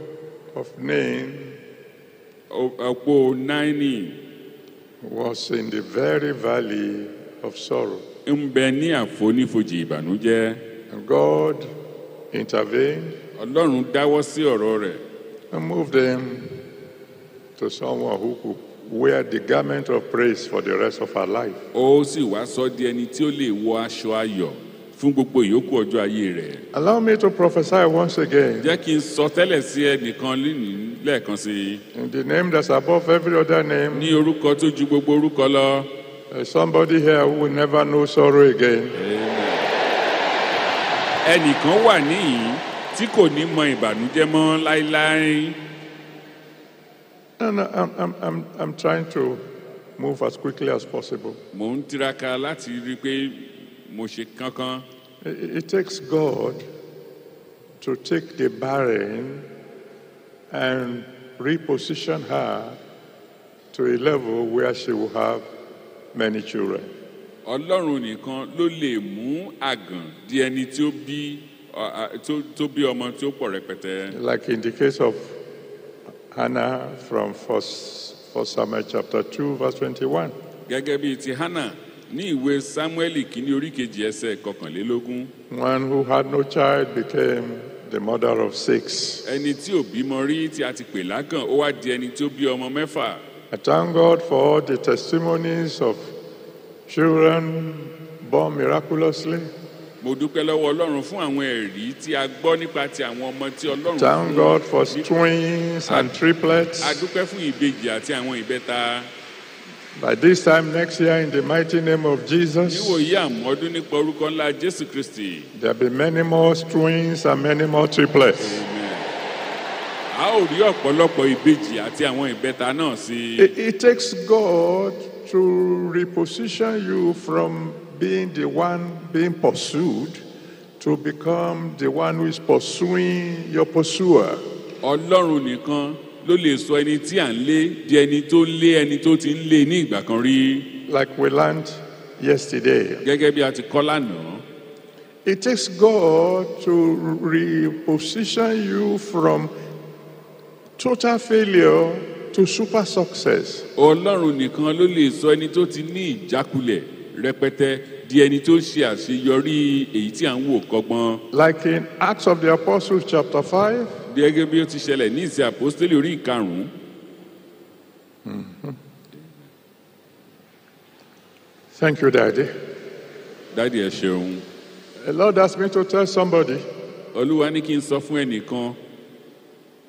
of Nain. Ọ̀pọ̀ Náínì. Was in the very valley of sorrow. Ń bẹ ní àfonífojì ìbànújẹ́. God intervened. Ọlọ́run dáwọ́ sí ọ̀rọ̀ rẹ̀. And moved them to someone who could wear the garment of praise for the rest of our life. ó sì wá sọ di ẹni tí ó lè wọ aṣọ ayọ̀ fún gbogbo ìyókù ọjọ́ ayé rẹ̀. allow me to prophesy once again. jẹ́ kí n sọ tẹ́lẹ̀ sí ẹnìkan lónìí lẹ́ẹ̀kan sí i. in the name that's above every other name. ní orúkọ tó ju gbogbo orúkọ lọ. Uh, somebody here who will never know sorrow again. ẹnìkan wà níyì tí kò ní mọ ìbànújẹ́ mọ́ láéláé. No, no, I'm, I'm, I'm, I'm trying to move as quickly as possible. It, it takes God to take the barren and reposition her to a level where she will have many children. Ọlọ́run nìkan ló lè mú àgàn di ẹni tó bí ọmọ pọ̀ rẹpẹtẹ. Like in the case of Hannah from first, first Samuel chapter two, verse 21. Gẹ́gẹ́ bíi ti Hannah ní ìwé Samueli kìíní oríkejì ẹsẹ̀ kọkànlélógún. One who had no child became the mother of six. Ẹni tí ò bímọ rí tí a ti pè lákàn, ó wá di ẹni tí ó bí ọmọ mẹ́fà. I thank God for all the testimonies of children born miraculously. Mo dúpẹ́ lọ́wọ́ Ọlọ́run fún àwọn ẹ̀rí tí a gbọ́ nípa ti àwọn ọmọ tí Ọlọ́run fún. Thank God for twins and triplets. A dúpẹ́ fún ìbejì àti àwọn ìbẹ́ta. By this time next year, in the mighty name of Jesus, there'll be many more twins and many more triplets. It, it takes God to reposition you from being the one being pursued to become the one who is pursuing your pursuer. Ọlọ́run nìkan ló lè sọ ẹni tí à ń lé di ẹni tó ń lé ẹni tó ti ń lé ní ìgbà kan rí. Like we learned yesterday. Gẹ́gẹ́ bí a ti kọ́ lánàá. It takes God to reposition you from total failure to super success. Ọlọ́run nìkan ló lè sọ ẹni tó ti ní ìjákulẹ̀ rẹpẹtẹ di ẹni tó ṣe àṣeyọrí èyí tí à ń wò kọgbọn. like in acts of the apostles chapter five. gẹ́gẹ́ bí ó ti ṣẹlẹ̀ ní ìsìn àpòstélì orí ìkarùn-ún. Mm-hmm. thank you daddy. daddy ẹ ṣeun. the lord asked me to tell somebody. olúwa ní kí n sọ fún ẹnìkan.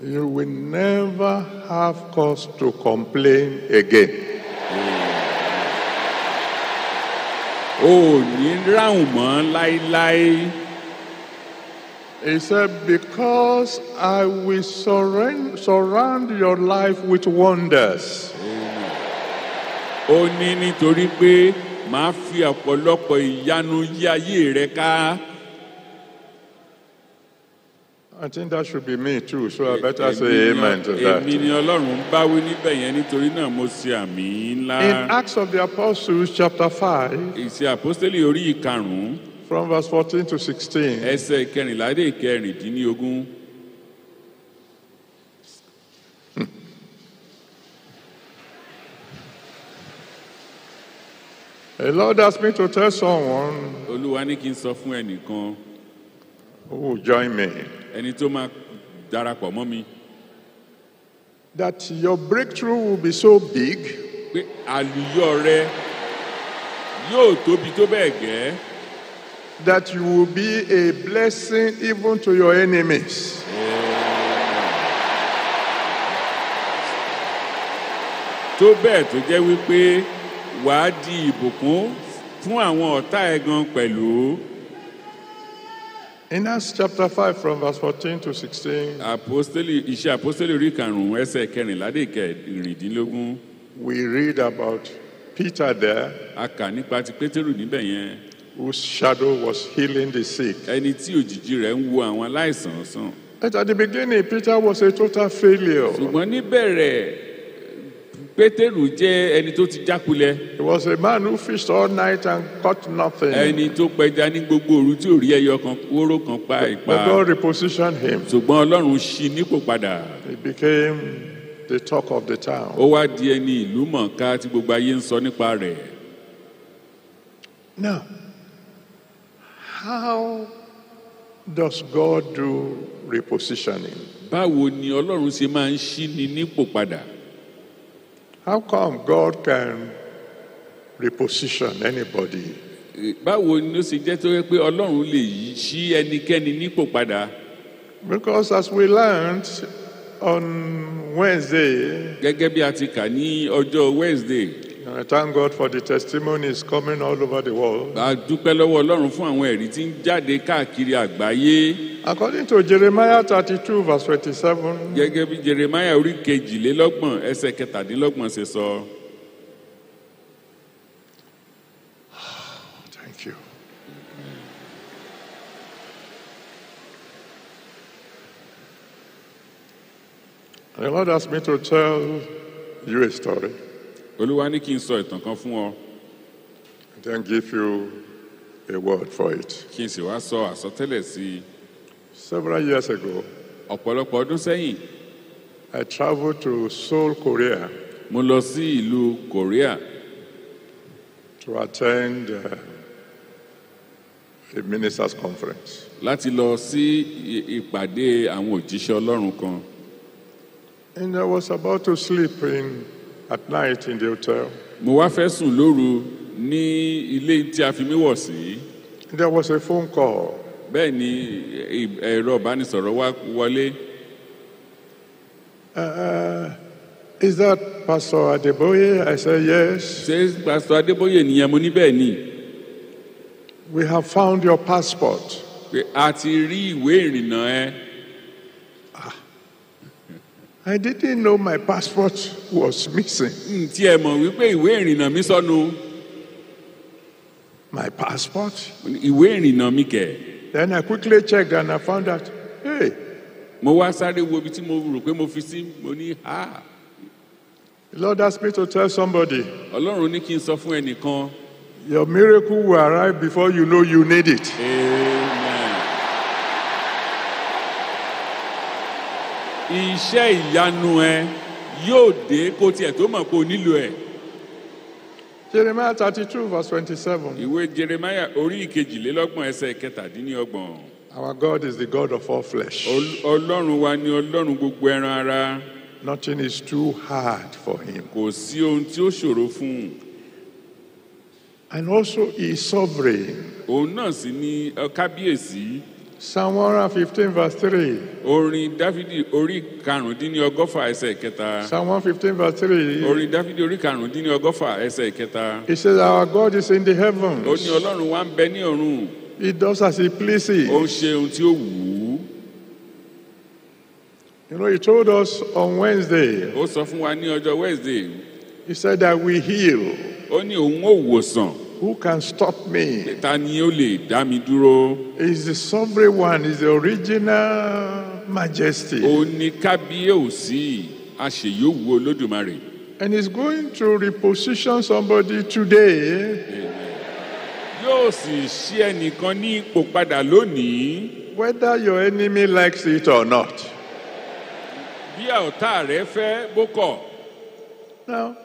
you will never have cause to complain again. ò ní ráhùn mọ́ láéláé. He said, Because I will surround, your life with wonders. Ó ní nítorí pé màá fi ọ̀pọ̀lọpọ̀ ìyanu yí ayé rẹ ká. I think that should be me too, so I better say amen to that. In Acts of the Apostles, chapter 5, from verse 14 to 16, The Lord asked me to tell someone who oh, will join me. ẹni tó máa darapọ̀ mọ́ mi. that your breakthrough will be so big. pé àlùyọ rẹ yóò tóbi tó bẹ́ẹ̀ gẹ́. that you will be a blessing even to your enemies. tó bẹ́ẹ̀ tó jẹ́ wípé wàá di ìbùkún fún àwọn ọ̀tá ẹ̀ pẹ̀lú. In Acts chapter 5 from verse 14 to 16. Apostoli, iṣẹ́ apostoli orí karùn-ún ẹsẹ̀ kẹrìnlá dé kẹrìndínlógún. We read about Peter there. A kà ti Pétérù níbẹ̀ yẹn. Whose shadow was healing the sick. Ẹni tí òjìji rẹ̀ ń wo àwọn aláìsàn sàn. At the beginning Peter was a total failure. Ṣùgbọ́n níbẹ̀rẹ̀ pétérù jẹ́ ẹni tó ti jákulẹ̀. he was a man who fished all night and caught nothing. ẹni tó pẹja ní gbogbo òru tí ò rí ẹyọ kan kóró kan pa ìpa. but God repositioned him. ṣùgbọ́n ọlọ́run ṣí nípò padà. he became the talk of the town. ó wá di ẹni ìlú mọ̀ọ́ká tí gbogbo ayé ń sọ nípa rẹ̀. now how does God do repositioning? báwo ni ọlọ́run ṣe máa ń ṣí ni nípò padà? How come God can reposition anybody? Báwo ni ó ṣe jẹ́ tó yẹ pé Ọlọ́run lè ṣí ẹnikẹ́ni nípò padà? Because as we learned on Wednesday. Gẹ́gẹ́ bí a ti kà ní ọjọ́ Wednesday. I thank God for the testimonies coming all over the world. A dúpẹ́ lọ́wọ́ Ọlọ́run fún àwọn ẹ̀rí tí ń jáde káàkiri àgbáyé. According to Jeremiah thirty-two verse twenty-seven. Gẹ́gẹ́ bí Jeremiah orí kejìlélọ́gbọ̀n ẹsẹ̀ kẹtàdínlọ́gbọ̀n ṣe sọ. Thank you. The Lord asked me to tell you a story. Olúwa ní kí n sọ ìtàn kan fún ọ. Then give you a word for it. Kí n sì wá sọ àsọtẹ́lẹ̀ sí i. Several years ago, ọ̀pọ̀lọpọ̀ ọdún sẹ́yìn, I travelled to Seoul, Korea. Mo lọ sí ìlú Korea. To attend uh, a ministers conference. Láti lọ sí ìpàdé àwọn òjíṣẹ́ Ọlọ́run kan. And I was about to sleep in at night in the hotel. Mo wá fẹ́ sùn lóru ní ilé tí a fi mí wọ̀ sí. There was a phone call bẹ́ẹ̀ ni ẹ̀rọ ìbánisọ̀rọ̀ wa wọlé. Uh, uh, is that Pastor Adeboye? I say yes. Ṣé Pastor Adeboye nìyẹn mo ní bẹ́ẹ̀ ni? We have found your passport. Pé a ti rí ìwé ìrìnnà ẹ. Ah. I didn't know my passport was missing. Ǹtí ẹ mọ̀ wípé ìwé ìrìnnà mi sọnù. My passport? Ìwé ìrìnnà mi kẹ̀. Then I quickly checked and I found out, hey. Mo wá sáré wo ibi tí mo rò pé mo fi sí, mo ní ha. The Lord asked me to tell somebody. Ọlọ́run ní kí n sọ fún ẹnìkan. Your miracle will arrive before you know you need it. Amen. Iṣẹ́ ìyanu ẹ yóò dé kó tiẹ̀ tó mọ̀ pé nílò ẹ̀. Jeremiah thirty two verse twenty seven. Ìwé Jeremiah orí ìkejìlélọ́gbọ̀n ẹsẹ̀ kẹtàdínlọ́gbọ̀n. Our God is the God of all flesh. Ọlọ́run wa ni Ọlọ́run gbogbo ẹran ara. Nothing is too hard for him. Kò sí ohun tí ó ṣòro fún un. And also he is sovereign. Òun náà sì ni kábíyèsí. Psalm one hundred and fifteen verse three. Orin Dáfídì orí karùndínlọ́gọ́fà ẹsẹ̀ kẹta. Psalm one fifteen verse three. Orin Dáfídì orí karùndínlọ́gọ́fà ẹsẹ̀ kẹta. He says our God is in the heavens. Ó ní Ọlọ́run wa ń bẹ ní ọ̀run. He does as he pleases. Ó ń ṣe ohun tí ó wù ú. You know he told us on Wednesday. Ó sọ fún wa ní ọjọ́ Wednesday. He said that we heal. Ó ní òun ó wòsàn. Who can stop me? Ta ni ó lè dá mi dúró? Is the sovereign one, is the original majesty. Ó kábíyèsí àṣeyọ̀wò olódùmarè. And he's going to reposition somebody today. Yóò sì ṣí ẹnìkan ní ipò padà lónìí. Whether your enemy likes it or not. Bí ọ̀tá rẹ fẹ́ bó kọ̀. Now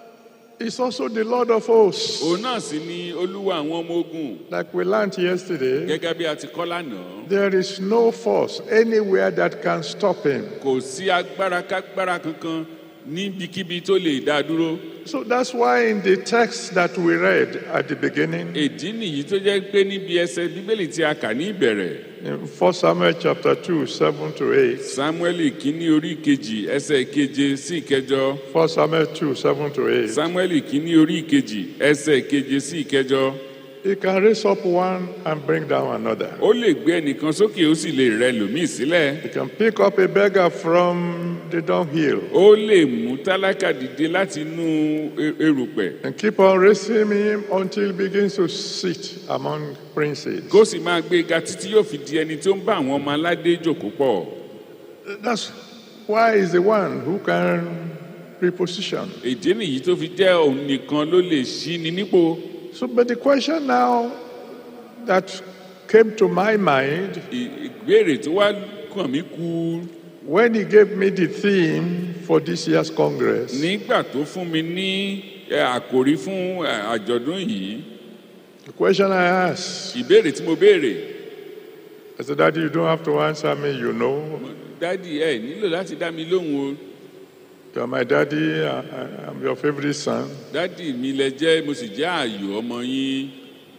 is also the Lord of hosts. Òun náà sì ni Olúwa àwọn ọmọ ogun. Like we learnt yesterday. Gẹ́gẹ́ bí a ti kọ́ lánàá. There is no force anywhere that can stop him. Kò sí agbára kágbára kankan níbikíbi tó lè dá dúró. So that's why in the text that we read at the beginning. Èdí nìyí tó jẹ́ pé níbi ẹsẹ̀ Bíbélì tí a kà ní ìbẹ̀rẹ̀ in first samuel chapter two seven to eight. samuel kìíní orí kejì ẹsẹ̀ keje sí ìkẹjọ. first samuel two seven to eight. samuel kìíní orí kejì ẹsẹ̀ keje sí ìkẹjọ. He can raise up one and bring down another. Ó lè gbé ẹnìkan sókè ó sì lè rẹ lòmíì sílẹ̀. He can pick up a beggar from the dunghill. Ó lè mú tálákà dìde láti inú e-, erùpẹ̀. And keep on raising him until he begins to sit among princes. Kó sì máa gbé ga títí yóò fi di ẹni tó ń bá àwọn ọmọ aládé jòkó pọ̀. That's why he is the one who can reposition. Èdè nìyí tó fi jẹ́ òun nìkan ló lè ṣí ni nípò. So, but the question now that came to my mind. Ìbéèrè tó wá kàn mí kú. When he gave me the theme for this year's Congress. Nígbà tó fún mi ní àkòrí fún The question I asked. Ìbéèrè tí mo béèrè. I said, Daddy, you don't have to answer me, you know. Daddy, eh? nílò láti dá mi lóhùn o. You are my daddy, I, I, I'm your favorite son. Daddy, mi lẹ jẹ́, mo sì jẹ́ ààyò ọmọ yín.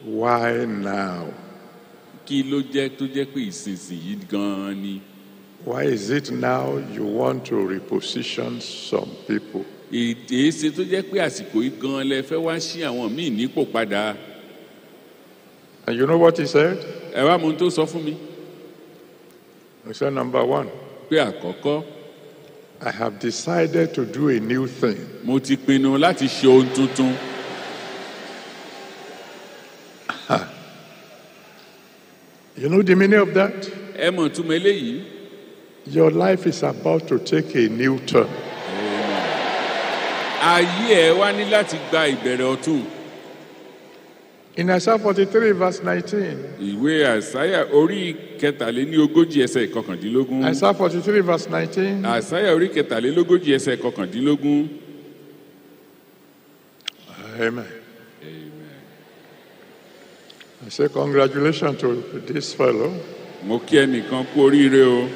Why now? Kí ló jẹ́ tó jẹ́ pé ìsinsìnyí gan ni? Why is it now you want to reposition some people? Èdè ṣe tó jẹ́ pé àsìkò yìí gan-an lẹ fẹ́ wá ṣí àwọn míì nípò padà. And you know what he said? Ẹ wá mo tó sọ fún mi. He said number one. Pé àkọ́kọ́. I have decided to do a new thing. Mo ti pinnu láti ṣe ohun tuntun. You know the meaning of that? Ẹ mọ̀ túmọ̀ eléyìí. Your life is about to take a new turn. Ayé ẹ wá ní láti gba ìbẹ̀rẹ̀ ọ̀tún. In Isaiah 43 verse 19. Ìwé Àìsáyà orí kẹtàléníogójì ẹsẹ̀ kọkàndínlógún. Isaiah 43 verse 19. Àìsáyà orí kẹtàléníogójì ẹsẹ̀ kọkàndínlógún. Amen. Amen. I say congratulations to this fellow. Mo kí ẹnìkan kú oríire o.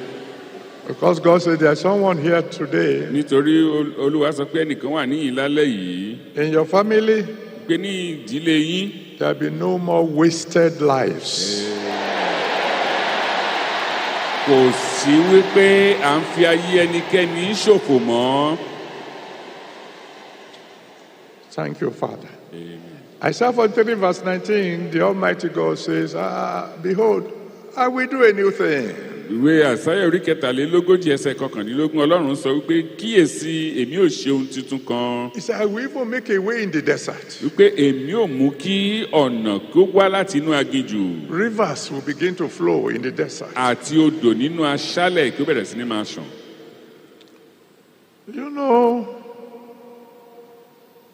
Because God said there is someone here today. Nítorí Olúwa sọ pé ẹnìkan wà níyìn lálẹ́ yìí. In your family. Pé ní ìdílé yín. There'll be no more wasted lives. Kò sí wípé à ń fi ayé ẹnikẹ́ni ṣòfò mọ́. Thank you, Father. Amen. Isaiah 43, verse 19, the Almighty God says, ah, Behold, I will do a new thing. ìwé àsáyà orí kẹtàlélógójì ẹsẹ̀ kọkànlélógún ọlọ́run sọ wípé kíyèsí èmi ò ṣe ohun tuntun kan. he said i will even make a way in the desert. wípé èmi ò mú kí ọ̀nà kó wá láti inú aginjù. rivers will begin to flow in the desert. àti odò nínú aṣálẹ̀ kí ó bẹ̀rẹ̀ sí ní máa ṣàn. you know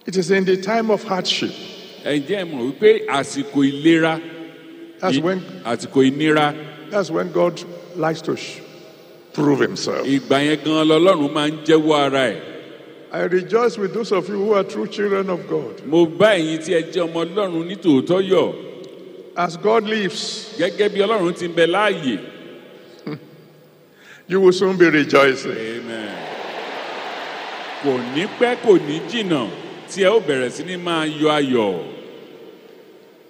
it is in the time of hardship. ẹ jẹ́ mọ̀ wípé àsìkò ìlera àsìkò ìnira. that's when God likes to prove himself. Ìgbà yẹn gan lọ́lọ́run máa ń jẹ́wọ́ ara ẹ̀. I rejoice with those of you who are true children of God. Mo bá ẹ̀yin tí ẹ jẹ́ ọmọ Ọlọ́run ní yọ̀. As God lives. Gẹ́gẹ́ bí Ọlọ́run ti bẹ láàyè. [LAUGHS] You will soon be rejoicing. Amen. Kò ní pẹ́ kò ní jìnnà tí ẹ ó bẹ̀rẹ̀ sí ní máa yọ ayọ̀.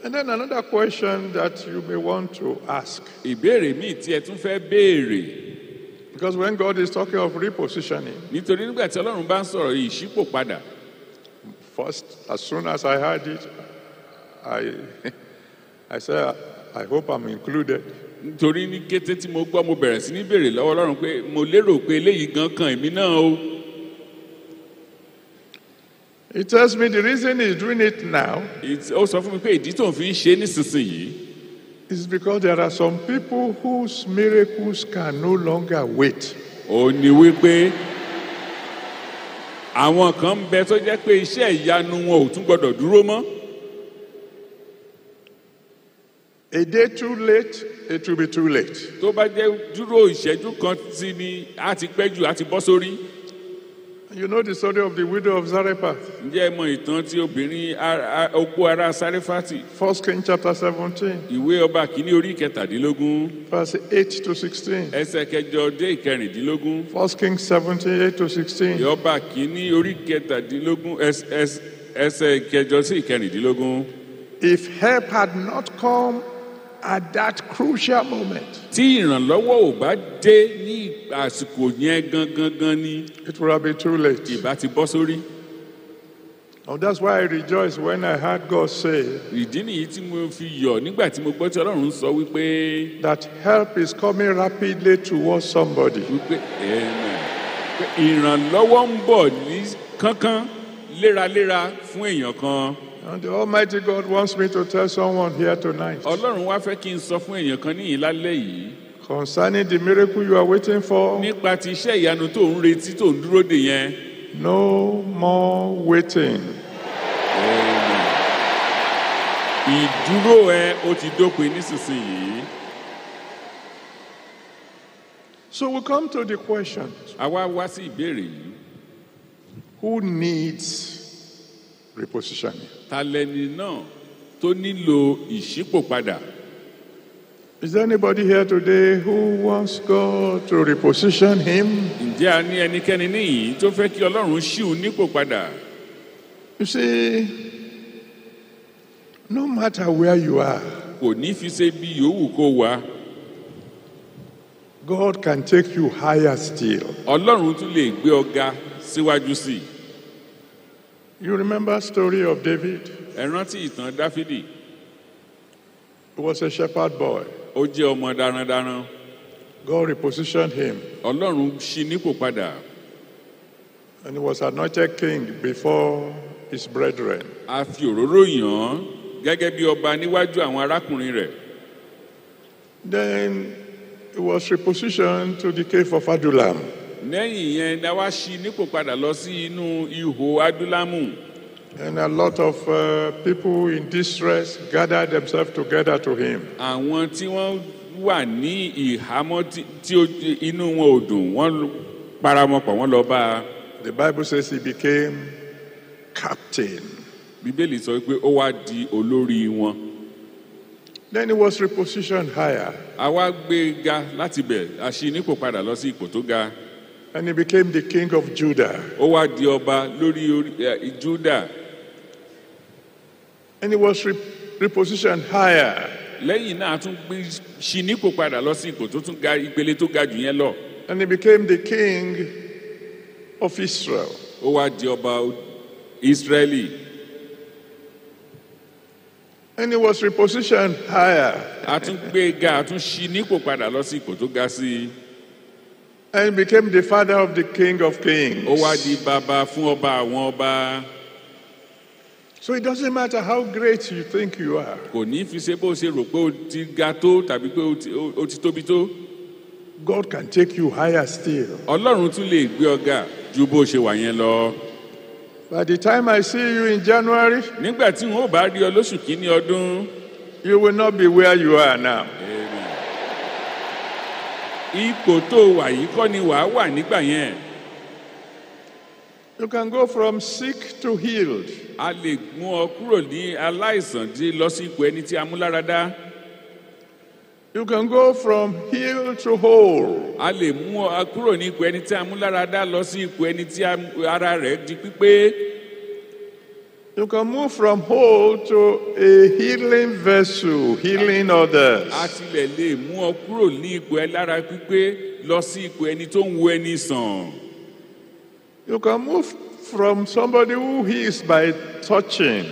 And then another question that you may want to ask. Ìbéèrè míì tí ẹ Because when God is talking of repositioning. First, as soon as I heard it, I, [LAUGHS] I said, I hope I'm included. Nítorí ní kété tí mo gbọ́, mo bẹ̀rẹ̀ sí ní béèrè lọ́wọ́ Ọlọ́run pé mo lérò pé eléyìí gan kan èmi náà o. He tells me the reason he's doing it now. Ó sọ fún mi pé ìdí fi ṣe é It's because there are some people whose miracles can no longer wait. Ó ní wípé àwọn kan ń bẹ tó jẹ́ pé iṣẹ́ ìyanu wọn ò tún gbọdọ̀ dúró mọ́. A day too late, it will be too late. Tó bá jẹ́ dúró ìṣẹ́jú kan sí ni a ti pẹ́ jù a ti bọ́ sórí. You know the story of the widow of Zarephath. Ǹjẹ́ ẹ ìtàn tí obìnrin opó ara Sarefati? First King chapter seventeen. Ìwé ọba kìíní orí kẹtàdínlógún. Verse eight to sixteen. Ẹsẹ̀ kẹjọ dé ìkẹrìndínlógún. First King seventeen eight to sixteen. Ìyọba kìíní orí kẹtàdínlógún ẹsẹ̀ kẹjọ sí ìkẹrìndínlógún. If help had not come at that crucial moment. Tí ìrànlọ́wọ́ ò bá dé ní àsìkò yẹn gangan ni. It would have too late. Ìbá ti bọ́ sórí. And oh, that's why I rejoice when I heard God say. Ìdí nìyí tí mo fi yọ̀ nígbà tí mo gbọ́ tí Ọlọ́run sọ wípé. That help is coming rapidly towards somebody. Wípé ìrànlọ́wọ́ ń bọ̀ ní kánkán léraléra fún èèyàn kan. And the Almighty God wants me to tell someone here tonight. Ọlọ́run wá fẹ́ kí n sọ fún èèyàn kan yìí. Concerning the miracle you are waiting for. Nípa ti iṣẹ́ ìyanu tó ń retí tó ń dúró dè yẹn. No more waiting. Ìdúró ẹ ó ti dópin nísinsìnyí. So we come to the question. wá sí ìbéèrè yìí. Who needs repositioning? talẹ́ni náà tó nílò ìṣípòpadà. Is there anybody here today who wants God to reposition him? Ǹjẹ́ a ní ẹnikẹ́ni níyìí tó fẹ́ kí Ọlọ́run ṣíun nípò padà? You see, no matter where you are. Kò ní fi ṣe bí yòówù kó wá. God can take you higher still. Ọlọ́run tún lè gbé ọ ga síwájú sí i. You remember story of David? Ẹ rántí ìtàn Dáfídì. He was a shepherd boy. Ó jẹ́ ọmọ darandaran. God repositioned him. Ọlọ́run ṣí nípò padà. And he was anointed king before his brethren. A fi òróró yàn án gẹ́gẹ́ bí ọba níwájú àwọn arákùnrin rẹ̀. Then he was repositioned to the cave of Adullam lẹ́yìn yẹn la wá ṣí nípò padà lọ sí inú ihò adúlámù. And a lot of uh, people in distress gathered themselves together to him. Àwọn tí wọ́n wà ní ìhámọ́ tí inú wọn ò dùn wọ́n para wọ́n lọ bá a. The bible says he became captain. Bíbélì sọ pé ó wá di olórí wọn. Then he was repositioned higher. Àwa gbé ga láti bẹ̀ àṣì nípò padà lọ sí ipò tó ga. And he became the king of Judah. Ó wá di ọba lórí Judah. And he was repositioned higher. Lẹ́yìn náà, a tún gbé Ṣiníkò padà lọ sí ipò tó tún ga ìpele tó ga jù yẹn lọ. And he became the king of Israel. Ó wá di ọba Israeli. And he was repositioned higher. A tún gbé ga, a tún Ṣiníkò padà lọ sí ipò tó ga sí i. And became the father of the king of kings. Ó wá di bàbá fún ọba àwọn ọba. So it doesn't matter how great you think you are. Kò ní fi ṣe bó ṣe rò pé o ti ga tó tàbí pé o ti tóbi tó. God can take you higher still. Ọlọ́run tún lè gbé ọ̀gá ju bó ṣe wà yẹn lọ. By the time I see you in January. Nígbà tí n ó bá rí ọ lóṣù kìíní ọdún. You will not be where you are now. Yeah ipò tó wà yìí kọ́ ni wàá wà nígbà yẹn. You can go from sick to healed. A lè gún ọ kúrò ní aláìsàn dé lọ sí ipò ẹni tí a mú láradá. You can go from healed to whole. A lè mú ọ kúrò ní ipò ẹni tí a mú láradá lọ sí ipò ẹni tí ara rẹ̀ di pípé. You can move from whole to a healing vessel, healing others. A tilẹ̀ lè mú ọ kúrò ní ipò ẹ lára pípé lọ sí ipò ẹni tó ń wo ẹni sàn. You can move from somebody who heals by touching.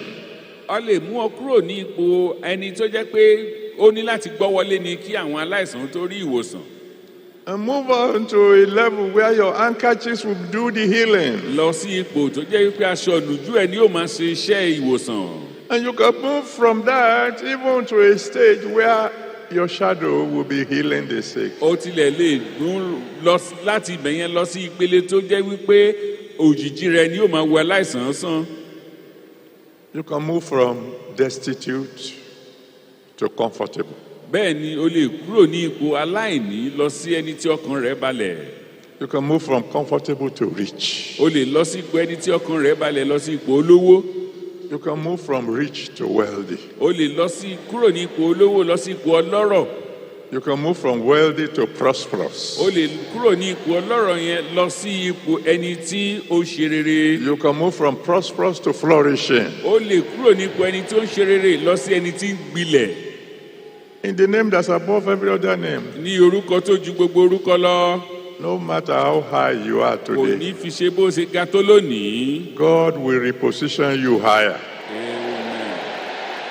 Ọ lè mú ọ kúrò ní ipò ẹni tó jẹ́ pé ó ní láti gbọ́ wọlé ni kí àwọn aláìsàn tó rí ìwòsàn. And move on to a level where your handkerchiefs will do the healing. Lọ sí ipò tó jẹ́ pé aṣọ ìnùjú ẹ̀ ni yóò máa ṣe iṣẹ́ ìwòsàn. And you can move from that even to a stage where your shadow will be healing the sick. Ó tilẹ̀ lè dún láti ibẹ̀ yẹn lọ sí ìpele tó jẹ́ wípé òjìji rẹ̀ ni yóò máa wo aláìsàn sàn. You can move from destitute to comfortable bẹ́ẹ̀ ni o lè kúrò ní ipò aláìní lọ sí ẹni tí ọkàn rẹ̀ balẹ̀. You can move from comfortable to rich. O lè lọ sí ipò ẹni tí ọkàn rẹ̀ balẹ̀ lọ sí ipò olówó. You can move from rich to wealthy. O lè lọ sí kúrò ní ipò olówó lọ sí ipò ọlọ́rọ̀. You can move from wealthy to prosperous. O lè kúrò ní ipò ọlọ́rọ̀ yẹn lọ sí ipò ẹni tí ó ṣe rere. You can move from prosperous to flourishing. O lè kúrò ní ipò ẹni tí ó ń ṣe rere lọ sí ẹni tí ń gbilẹ̀. In the name that's above every other name. Ní orúkọ tó ju gbogbo orúkọ lọ. No matter how high you are today. Kò ní fi ṣe bó ṣe ga tó lónìí. God will reposition you higher.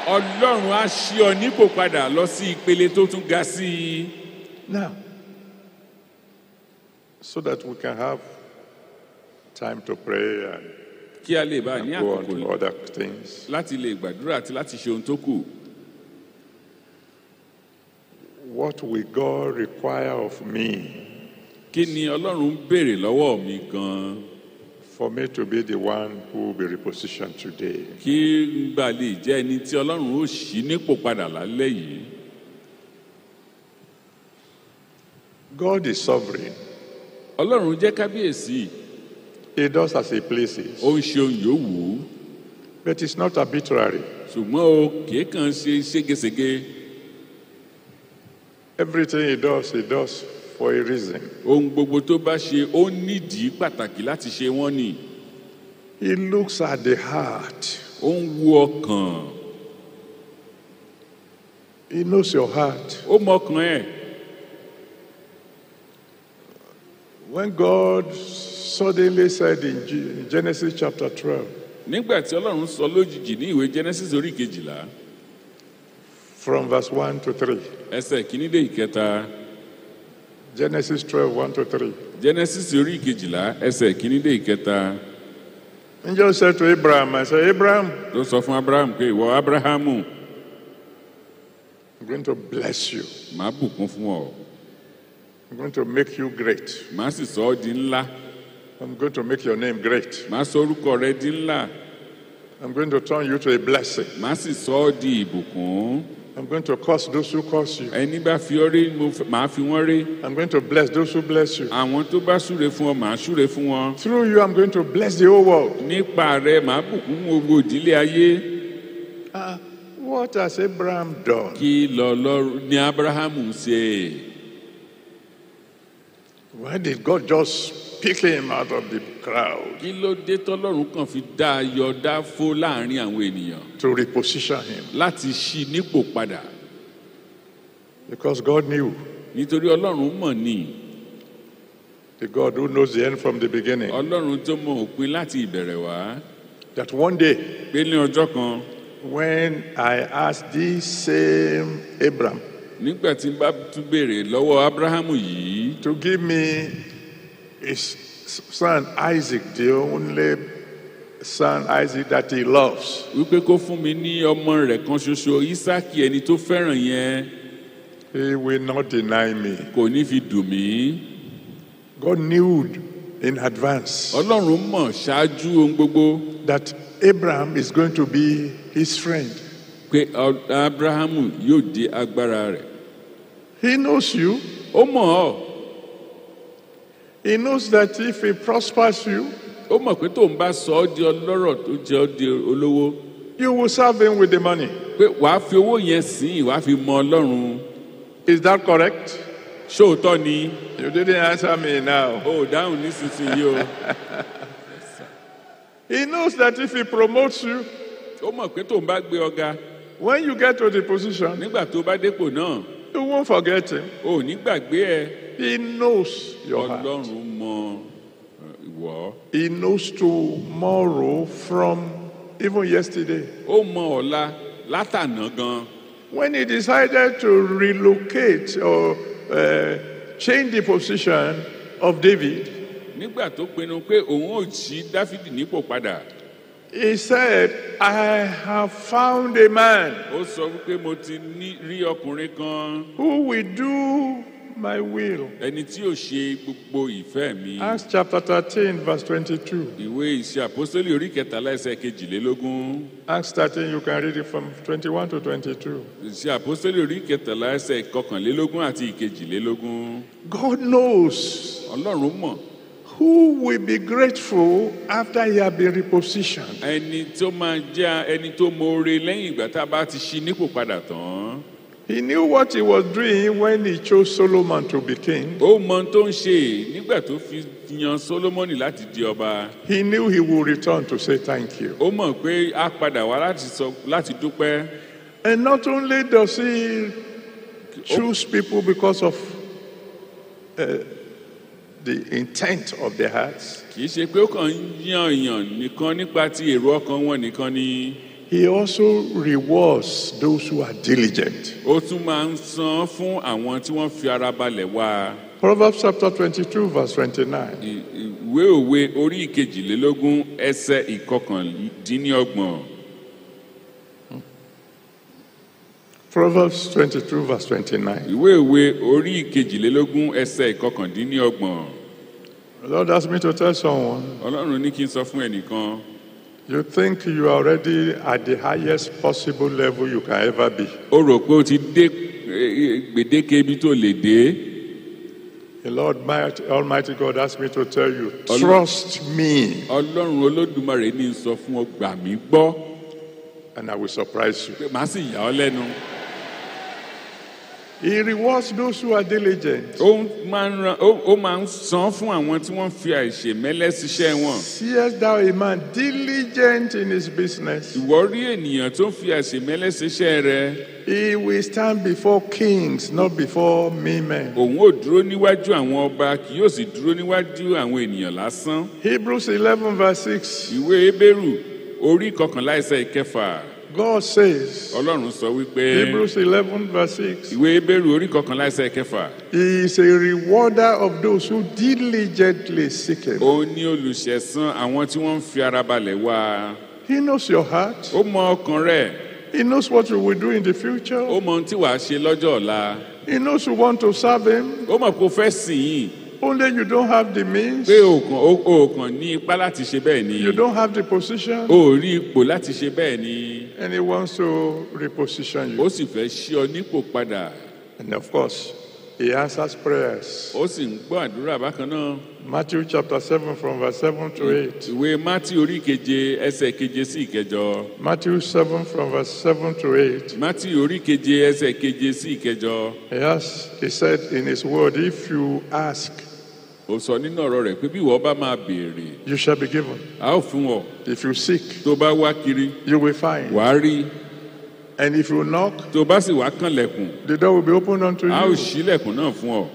Ọlọ́run á ṣí ọ nípò padà lọ sí ìpele tó tún ga sí i. Now, so that we can have time to pray and, kí a lè bá a ní àkókò yìí láti lè gbàdúrà àti láti ṣe ohun tó kù. What will God require of me? Kí ni Ọlọ́run béèrè lọ́wọ́ mi gan For me to be the one who will be repositioned today. Kí n gbà lè jẹ́ ẹni tí Ọlọ́run ó ṣí nípò padà lálẹ́ yìí. God is sovereign. Ọlọ́run jẹ́ kábíyèsí. He does as he pleases. Ó ń ṣe ohun yòówù. But it's not arbitrary. Ṣùgbọ́n o kì í kàn ṣe ségesège. Everything he does, he does for a reason. Ohun gbogbo tó bá ṣe, ó nídìí pàtàkì láti ṣe wọ́n ni. He looks at the heart. Ó ń wo ọkàn. He knows your heart. Ó mọ ọkàn ẹ̀. When God suddenly said in Genesis chapter twelve. Nígbà tí Ọlọ́run sọ lójijì ní ìwé Genesis orí kejìlá. From verse 1 to 3. Ẹsẹ̀ kìíní dé ìkẹta. Genesis twelve one to three. Genesis orí ìkejìlá ẹsẹ̀ kìíní dé ìkẹta. Njẹ́ o sẹ́ to Abraham? I say Abraham. Ló sọ fún Abraham pé ìwọ Abrahamu. I'm going to bless you. Màá bùkún fún ọ. I'm going to make you great. Màá sì sọ ọ́ di ńlá. I'm going to make your name great. Màá sọ orúkọ rẹ di ńlá. I'm going to turn you to a blessing. Màá sì sọ ọ́ di ìbùkún. I'm going to curse those who curse you. Ẹni bá fi ọ rí, mo máa fi wọ́n rí. I'm going to bless those who bless you. Àwọn tó bá súre fún ọ, màá súre fún wọn. Through you, I'm going to bless the whole world. Nípa rẹ̀, màá bùkún gbogbo ìdílé ayé. Ah, what has Abraham done? Kí lọ́lọ́run ni Abrahamu ṣe? Why did God just picking him out of the crowd. Kí ló dé tọ́lọ́run kàn fi dá yọ̀dá fó láàrin àwọn ènìyàn? To reposition him. Láti ṣí nípò padà. Because God knew. Nítorí Ọlọ́run mọ̀ ni. The God who knows the end from the beginning. Ọlọ́run tó mọ òpin láti ìbẹ̀rẹ̀ wá. That one day. Pé ní ọjọ́ kan. When I asked this same Abraham. Nígbà tí n bá tún béèrè lọ́wọ́ Abrahamu yìí. To give me his son Isaac, the only son Isaac that he loves. Wípé kó fún mi ní ọmọ rẹ̀ kan ṣoṣo, Ísáàkì ẹni tó fẹ́ràn yẹn. He will not deny me. Kò ní fi dùn mí. God knew in advance. Ọlọ́run mọ̀ ṣáájú ohun gbogbo. That Abraham is going to be his friend. Pé Abrahamu yóò di agbára rẹ̀. He knows you. Ó mọ̀ ọ́. He knows that if he prospers you, ó mọ̀ pé tó ń bá sọ ọ́ di ọlọ́rọ̀ tó jẹ́ ọ́ di olówó. You will serve him with the money. Pé wàá fi owó yẹn sìn wàá fi mọ Ọlọ́run. Is that correct? Ṣóòótọ́ ni. You didn't answer me now. O dáhùn nísinsìnyí o. He knows that if he promotes you. Ó mọ̀ pé tó ń bá gbé ọ̀gá. When you get to the position. Nígbà tó bá dépò náà. You won't forget him. O ò ní gbàgbé ẹ. He knows your heart. He knows tomorrow from even yesterday. When he decided to relocate or uh, change the position of David, he said, I have found a man who will do my will. Ẹni tí ò ṣe gbogbo ìfẹ́ mi. Acts chapter thirteen verse twenty-two. Ìwé ìṣe àpọ́sítélì orí kẹtàlá ẹsẹ̀ kejìlélógún. Acts thirteen you can read it from twenty-one to twenty-two. Ìṣe àpọ́sítélì orí kẹtàlá ẹsẹ̀ kọkànlélógún àti ìkejìlélógún. God knows. Ọlọ́run mọ̀. Who will be grateful after he has been repositioned? Ẹni tó máa jẹ́ ẹni tó mọ̀ọ́re lẹ́yìn ìgbà tá a bá ti ṣí nípò padà tán. He knew what he was doing when he chose Solomon to be king. Ó mọ tó ń ṣe nígbà tó fi yan Solomon láti di ọba. He knew he would return to say thank you. Ó mọ̀ pé á padà wá láti sọ láti dúpẹ́. And not only does he choose people because of uh, the intent of their hearts. Kì í ṣe pé ó kàn ń yan èèyàn nìkan nípa ti èrò ọkàn wọn nìkan ni. He also rewards those who are diligent. Ó tún máa ń san fún àwọn tí wọ́n fi ara balẹ̀ wá. Proverbs chapter twenty-two verse twenty-nine. Ìwé òwe orí ìkejìlélógún ẹsẹ̀ ìkọkàndínlọ́gbọ̀n. Proverbs twenty-two verse twenty-nine. Ìwé òwe orí ìkejìlélógún ẹsẹ̀ ìkọkàndínlọ́gbọ̀n. The Lord asked me to tell someone. Ọlọ́run ní kí n sọ fún ẹnìkan. You think you are already at the highest possible level you can ever be. Ó rò pé ó ti dé eh, eh, gbèdéke ibi tó lè dé. The Lord Almighty God asked me to tell you, trust me. Ọlọ́run Olódùmarè ní sọ fún ọ gbà mí gbọ́. And I will surprise you. Màá sì yà ọ́ lẹ́nu. He rewards those who are diligent. Ó máa ń ran ó máa ń san fún àwọn tí wọ́n fi àìṣe mẹ́lẹ́ ṣiṣẹ́ wọn. Seest thou a man diligent in his business? Ìwọ rí ènìyàn tó ń fi àìṣe mẹ́lẹ́ ṣiṣẹ́ rẹ̀. He will stand before kings, not before me men. Òun ò dúró níwájú àwọn ọba, kì yóò sì dúró níwájú àwọn ènìyàn lásán. Hebrews eleven verse six. Ìwé Ebéru orí kọkànlá ẹsẹ̀ ìkẹfà. God says. Ọlọ́run sọ wípé. Hebrews eleven verse six. Ìwé Ebéru orí kọkànlá ẹsẹ̀ kẹfà. He is a rewarder of those who diligently seek him. Ó ní olùṣẹ̀san àwọn tí wọ́n ń fi ara balẹ̀ wá. He knows your heart. Ó mọ ọkàn rẹ̀. He knows what you will do in the future. Ó mọ ohun tí wàá ṣe lọ́jọ́ ọ̀la. He knows you want to serve him. Ó mọ̀ kó fẹ́ sìn yìí. Only you don't have the means. Pé òkàn òkàn ní ipá láti ṣe bẹ́ẹ̀ ni. You don't have the position. O ò rí ipò láti ṣe bẹ́ẹ̀ ni. And he wants to reposition you. Ó sì fẹ́ ṣí ọ nípò padà. And of course. He answers prayers. Ó sì ń gbọ́ àdúrà bákan náà. Matthew chapter seven from verse seven to eight. Ìwé Matthew orí keje ẹsẹ̀ keje sí ìkẹjọ. Matthew seven from verse seven to eight. Matthew orí keje ẹsẹ̀ keje sí ìkẹjọ. Yes, he said in his word, if you ask. Ó sọ nínú ọ̀rọ̀ rẹ̀ pé bí ìwọ bá máa béèrè. You shall be given. A ó fún ọ. If you seek. Tó bá wá kiri. You will find. Wàá rí. And if you knock, tó o bá sì wá kànlẹ̀kùn, the door will be opened unto you. A ó ṣílẹ̀kùn náà fún ọ.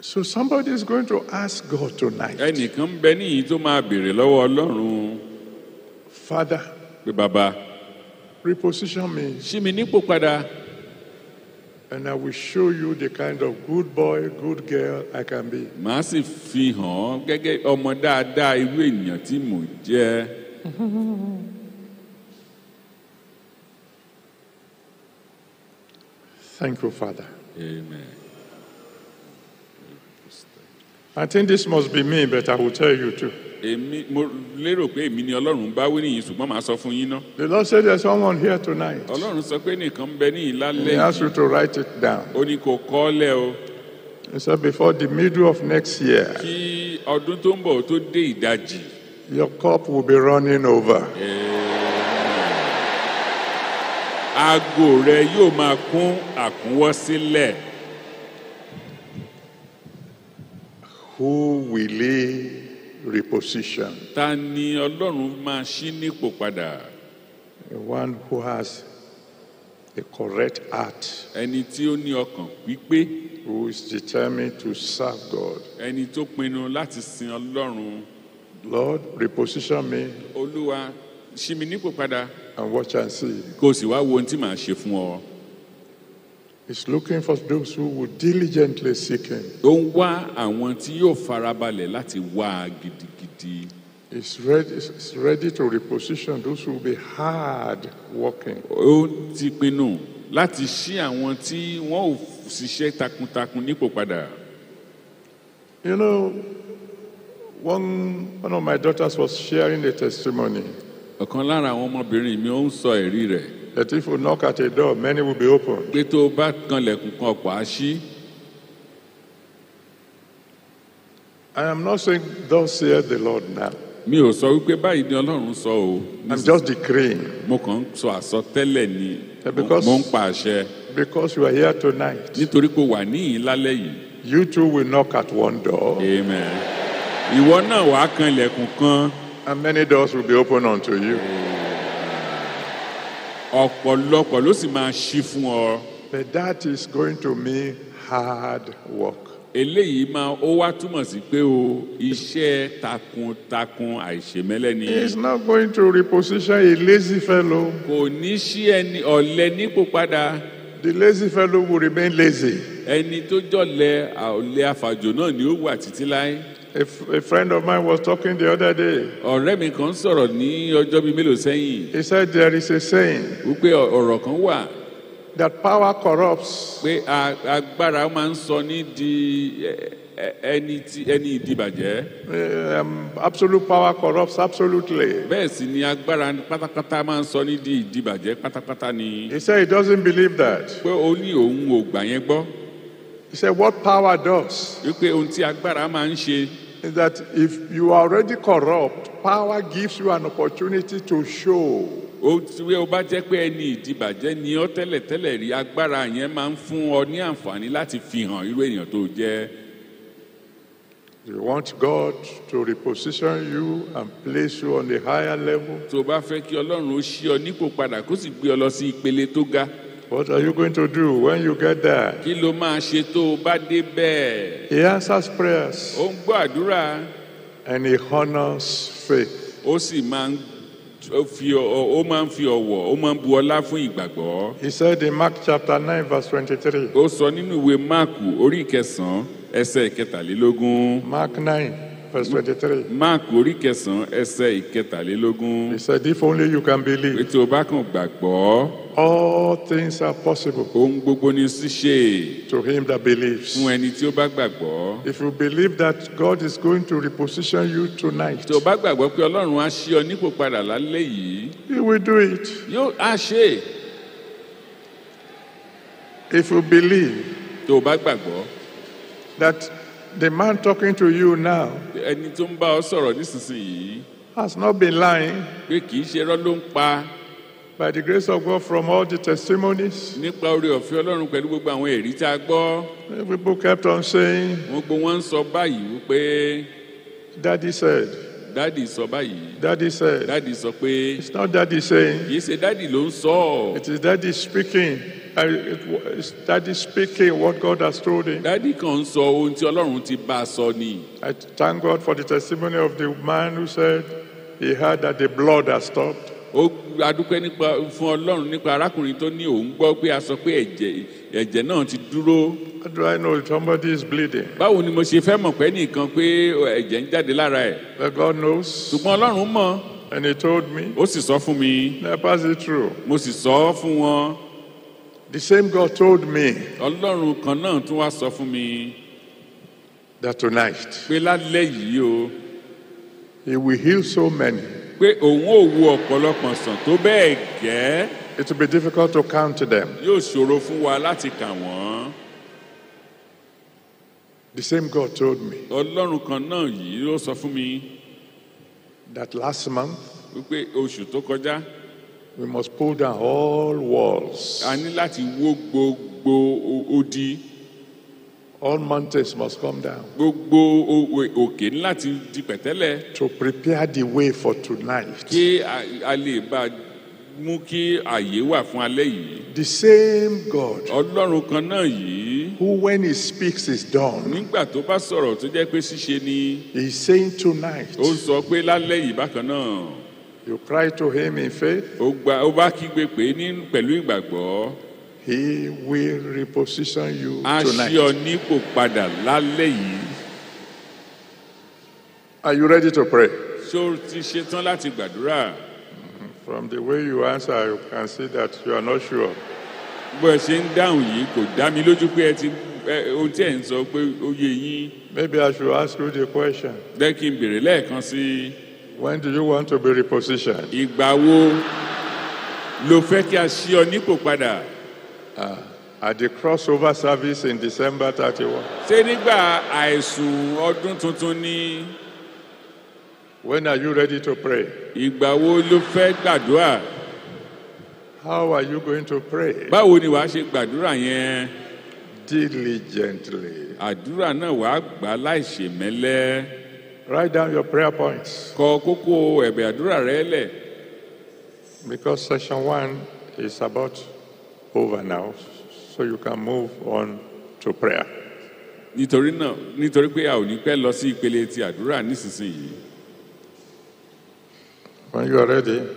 So somebody is going to ask God tonight. Ẹnìkan bẹ níyì tó máa béèrè lọ́wọ́ Ọlọ́run. Father. Pé bàbá. Reposition me. Ṣí mi nípò padà. And I will show you the kind of good boy, good girl I can be. Màá sì fi hàn gẹ́gẹ́ ọmọ dáadáa irú ènìyàn tí mò ń jẹ́. [LAUGHS] Thank you, Father. Amen. I think this must be me, but I will tell you too. The Lord said there's someone here tonight. He asked you to write it down. He said before the middle of next year. Your cup will be running over. Yeah. aago rẹ yóò máa kún àkúnwọ́ sílẹ̀. Who will he reposition? Ta ni Ọlọ́run máa ṣí nípò padà? The one who has a correct heart. Ẹni tí ó ní ọkàn pípé. Who is determined to serve God. Ẹni tó pinnu láti sin Ọlọ́run. Lord, reposition me. Olúwa, ṣí mi nípò padà and watch and see. kó o sì wá wo ohun tí màá ṣe fún ọ. He's looking for those who will diligently seek him. Ó ń wá àwọn tí yóò farabalẹ̀ láti wá a gidigidi. He's ready, he's ready to reposition those who will be hard working. Ó ti pinnu láti ṣí àwọn tí wọ́n ò ṣiṣẹ́ takuntakun nípò padà. You know, one, one of my daughters was sharing a testimony ọ̀kan lára àwọn ọmọbìnrin mi ó ń sọ ẹ̀rí rẹ̀. that if you knock at a door many will be open. pé tó o bá kanlẹ̀kùn kan ọ̀pọ̀ á ṣí. I am not saying "Don't saith the Lord now. Mi ò sọ wípé báyìí ni Ọlọ́run sọ o. I'm just decreeing. Mo kàn ń sọ àsọtẹ́lẹ̀ ni. Mo ń pa àṣẹ. Because you are here tonight. Nítorí pé o wà níyìn lálẹ́ yìí. You too will knock at one door. Amen. Ìwọ náà wàá kan ilẹ̀kùn kan and many doors will be opened unto you. ọ̀pọ̀lọpọ̀ ló sì máa ṣí fún ọ. but that is going to mean hard work. eléyìí máa ó wá túmọ̀ sí pé o iṣẹ́ takuntakun àìṣèmẹ́lẹ́ ni. he is not going to reposition a lazy fellow. kò ní ṣí ẹni ọ̀lẹ nípò padà. the lazy fellow will remain lazy. ẹni tó jọ̀lẹ ọ̀lẹ àfàjò náà ni ó wà títí láé. A, friend of mine was talking the other day. ọ̀rẹ́ mi kan sọ̀rọ̀ ní ọjọ́ bíi mélòó sẹ́yìn. He said there is a saying. wípé ọ̀rọ̀ kan wà. That power corrupts. pé agbára máa ń sọ ní di ẹni tí ẹni ìdìbàjẹ́. Eh, um, absolute power corrupts absolutely. bẹ́ẹ̀ sì ni agbára pátápátá máa ń sọ ní di ìdìbàjẹ́ pátápátá ni. He said he doesn't believe that. pé ó ní òun ò gbà yẹn gbọ́. He said what power does. wípé ohun tí agbára máa ń ṣe is that if you are already corrupt, power gives you an opportunity to show. ó tí ó bá jẹ́ pé ẹni ìdìbàjẹ́ ni ọ́ tẹ́lẹ̀tẹ́lẹ̀ rí agbára yẹn máa ń fún ọ ní àǹfààní láti fi hàn irú èèyàn tó jẹ́. You want God to reposition you and place you on a higher level. Tó o bá fẹ́ kí Ọlọ́run ó ṣí ọ nípò padà kó sì gbé ọ lọ sí ìpele tó ga. What are you going to do when you get there? Kí ló máa ṣe tó o bá dé bẹ́ẹ̀? He answers prayers. Ó ń gbọ́ àdúrà. And he honors faith. Ó sì máa ń fi ó máa ń fi ọ̀wọ̀ ó máa ń bu ọlá fún ìgbàgbọ́. He said in Mark chapter nine verse twenty-three. Ó sọ nínú ìwé Máàkù orí ìkẹsàn-án ẹsẹ̀ ìkẹtàlélógún. Mark nine verse twenty-three. Mark orí kẹsàn-án ẹsẹ̀ ìkẹtàlélógún. He said if only you can believe. Ètò ọba kan gbàgbọ́. All things are possible. Ohun gbogbo ni ṣíṣe. To him that believes. Fún ẹni tí ó bá gbàgbọ́. If you believe that God is going to reposition you tonight. Tó o bá gbàgbọ́ pé Ọlọ́run á ṣí ọ nípò padà lálẹ́ yìí. He will do it. Yóò á ṣe. If you believe. Tó o bá gbàgbọ́. That The man talking to you now. Ẹni tó ń bá ọ sọ̀rọ̀ nísinsìnyí. Has not been lying. Pé kì í ṣe irọ́ ló ń pa. By the grace of God from all the testimonies. Nípa orí ọ̀fẹ́ Ọlọ́run pẹ̀lú gbogbo àwọn èrí tá a gbọ́. People kept on saying. Wọ́n gbọ́ wọ́n ń sọ báyìí wípé. Daddy said. Daddy sọ báyìí. Daddy said. Daddy sọ pé. It's not daddy saying. Kì í ṣe daddy ló ń sọ. It is daddy speaking. I, Daddy speaking what God has told him. Daddy kan sọ ohun tí Ọlọ́run ti bá a sọ ni. I thank God for the testimony of the man who said he heard that the blood has stopped. Ó adúpẹ́ nípa fún Ọlọ́run nípa arákùnrin tó ní òun gbọ́ pé a sọ pé ẹ̀jẹ̀ ẹ̀jẹ̀ náà ti dúró. How do I know if somebody is bleeding? Báwo ni mo ṣe fẹ́ mọ̀ pé nìkan pé ẹ̀jẹ̀ ń jáde lára ẹ̀? But God knows. Ṣùgbọ́n Ọlọ́run mọ̀. And he told me. Ó sì sọ fún mi. That is the truth. Mo sì sọ fún wọn. The same God told me. Ọlọ́run kan náà tún wá sọ fún mi. That tonight. Pé lálẹ́ yìí o. He will heal so many. Pé òun ò wo ọ̀pọ̀lọpọ̀ sàn tó bẹ́ẹ̀ gẹ́. It will be difficult to count them. Yóò ṣòro fún wa láti kà wọ́n. The same God told me. Ọlọ́run kan náà yìí ló sọ fún mi. That last month. Wípé oṣù tó kọjá. We must pull down all walls. A ní láti wó gbogbo odi. All mountains must come down. Gbogbo òkè ní láti di pẹ̀tẹ́lẹ̀. To prepare the way for tonight. Kí a lè bá mú kí àyè wà fún alẹ́ yìí. The same God. Ọlọ́run kan náà yìí. Who when he speaks is done. Nígbà tó bá sọ̀rọ̀ tó jẹ́ pé ṣíṣe ni. He is saying tonight. Ó sọ pé lálẹ́ yìí bákan náà. You cry to him in faith. Ó gba ó bá kígbe pé ní pẹ̀lú ìgbàgbọ́. He will reposition you tonight. A nípò padà lálẹ́ yìí. Are you ready to pray? Ṣé o ti ṣetán láti gbàdúrà? From the way you answer, you can see that you are not sure. Bó ẹ ṣe ń dáhùn yìí kò dá mi lójú pé ẹ ti ohun tí ẹ ń sọ pé ó yé yín. Maybe I should ask you the question. Jẹ́ kí n bèrè lẹ́ẹ̀kan sí i. When do you want to be repositioned? Ìgbà wo lo fẹ́ kí a ṣí ọ nípò padà? Ah, at the crossover service in December thirty-one. Ṣé nígbà àìsùn ọdún tuntun ni? When are you ready to pray? Ìgbà wo lo fẹ́ gbàdúrà? How are you going to pray? Báwo ni wàá ṣe gbàdúrà yẹn? Diligently. Àdúrà náà wàá gbà láìṣèmẹ́lẹ́. Write down your prayer points. Because session one is about over now, so you can move on to prayer. When you are ready,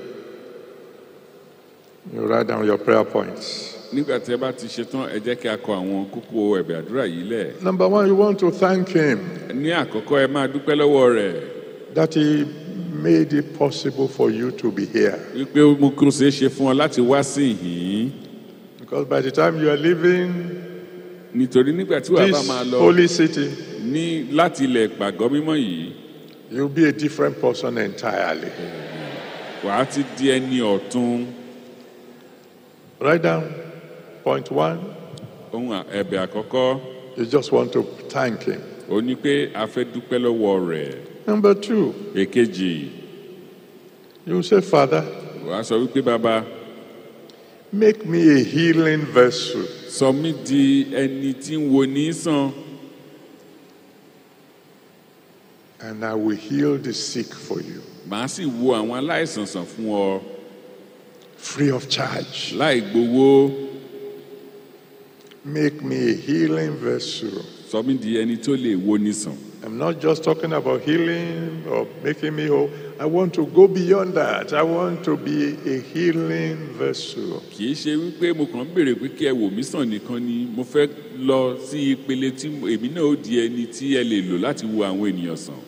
you write down your prayer points. nígbà tí ẹ bá ti ṣetán ẹ jẹ́ kí a kọ àwọn kókó ẹ̀bẹ̀ àdúrà yìí lẹ̀. number one you want to thank him. ní àkọ́kọ́ ẹ máa dúpẹ́ lọ́wọ́ rẹ̀. that he made it possible for you to be here. wípé mo kúrò ṣeé ṣe fún ọ láti wá sí ìhín. because by the time you are leaving. nítorí nígbà tí wàá bá máa lọ. this holy city. ní láti ilẹ̀ ìpàgọ́ mímọ́ yìí. you will be a different person entirely. wàá ti di ẹni ọ̀tun. write down. Point one. You just want to thank him. Ó ní pé a fẹ́ dúpẹ́ lọ́wọ́ Number two. Èkejì. You say father. Wàá sọ wípé bàbá. Make me a healing vessel. Sọ mí di anything tí ń wo ní And I will heal the sick for you. Màá sì wo àwọn aláìsàn sàn fún ọ. Free of charge. Láì gbowó. make me a healing vessel. Sọ mí di ẹni tó lè wo ni sàn. I'm not just talking about healing or making me whole. I want to go beyond that. I want to be a healing vessel. Kì í ṣe wípé mo kàn ń béèrè pé kí ẹ wò mí sàn nìkan ni mo fẹ́ lọ sí ìpele tí èmi náà ó di ẹni tí ẹ lè lò láti wo àwọn ènìyàn sàn.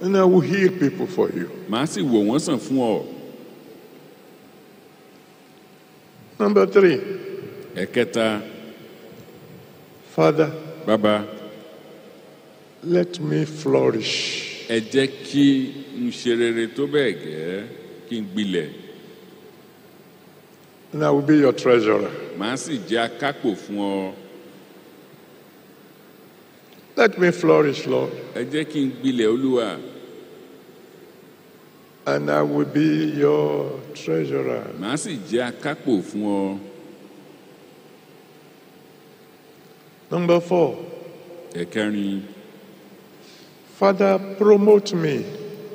And I will heal people for you. Màá sì wò wọ́n sàn fún ọ. Number three. Ẹ̀kẹta. E Father, Baba, let me flourish. Ẹ jẹ́ kí n ṣe rere tó bẹ́ẹ̀ gẹ́, kí n gbilẹ̀. And I will be your treasurer. Màá sì jẹ́ akápò fún ọ. Let me flourish, Lord. Ẹ jẹ́ kí n gbilẹ̀ Olúwa. And I will be your treasurer. Màá sì jẹ́ akápò fún ọ. Number four. Ẹ̀kẹrin. Father, promote me.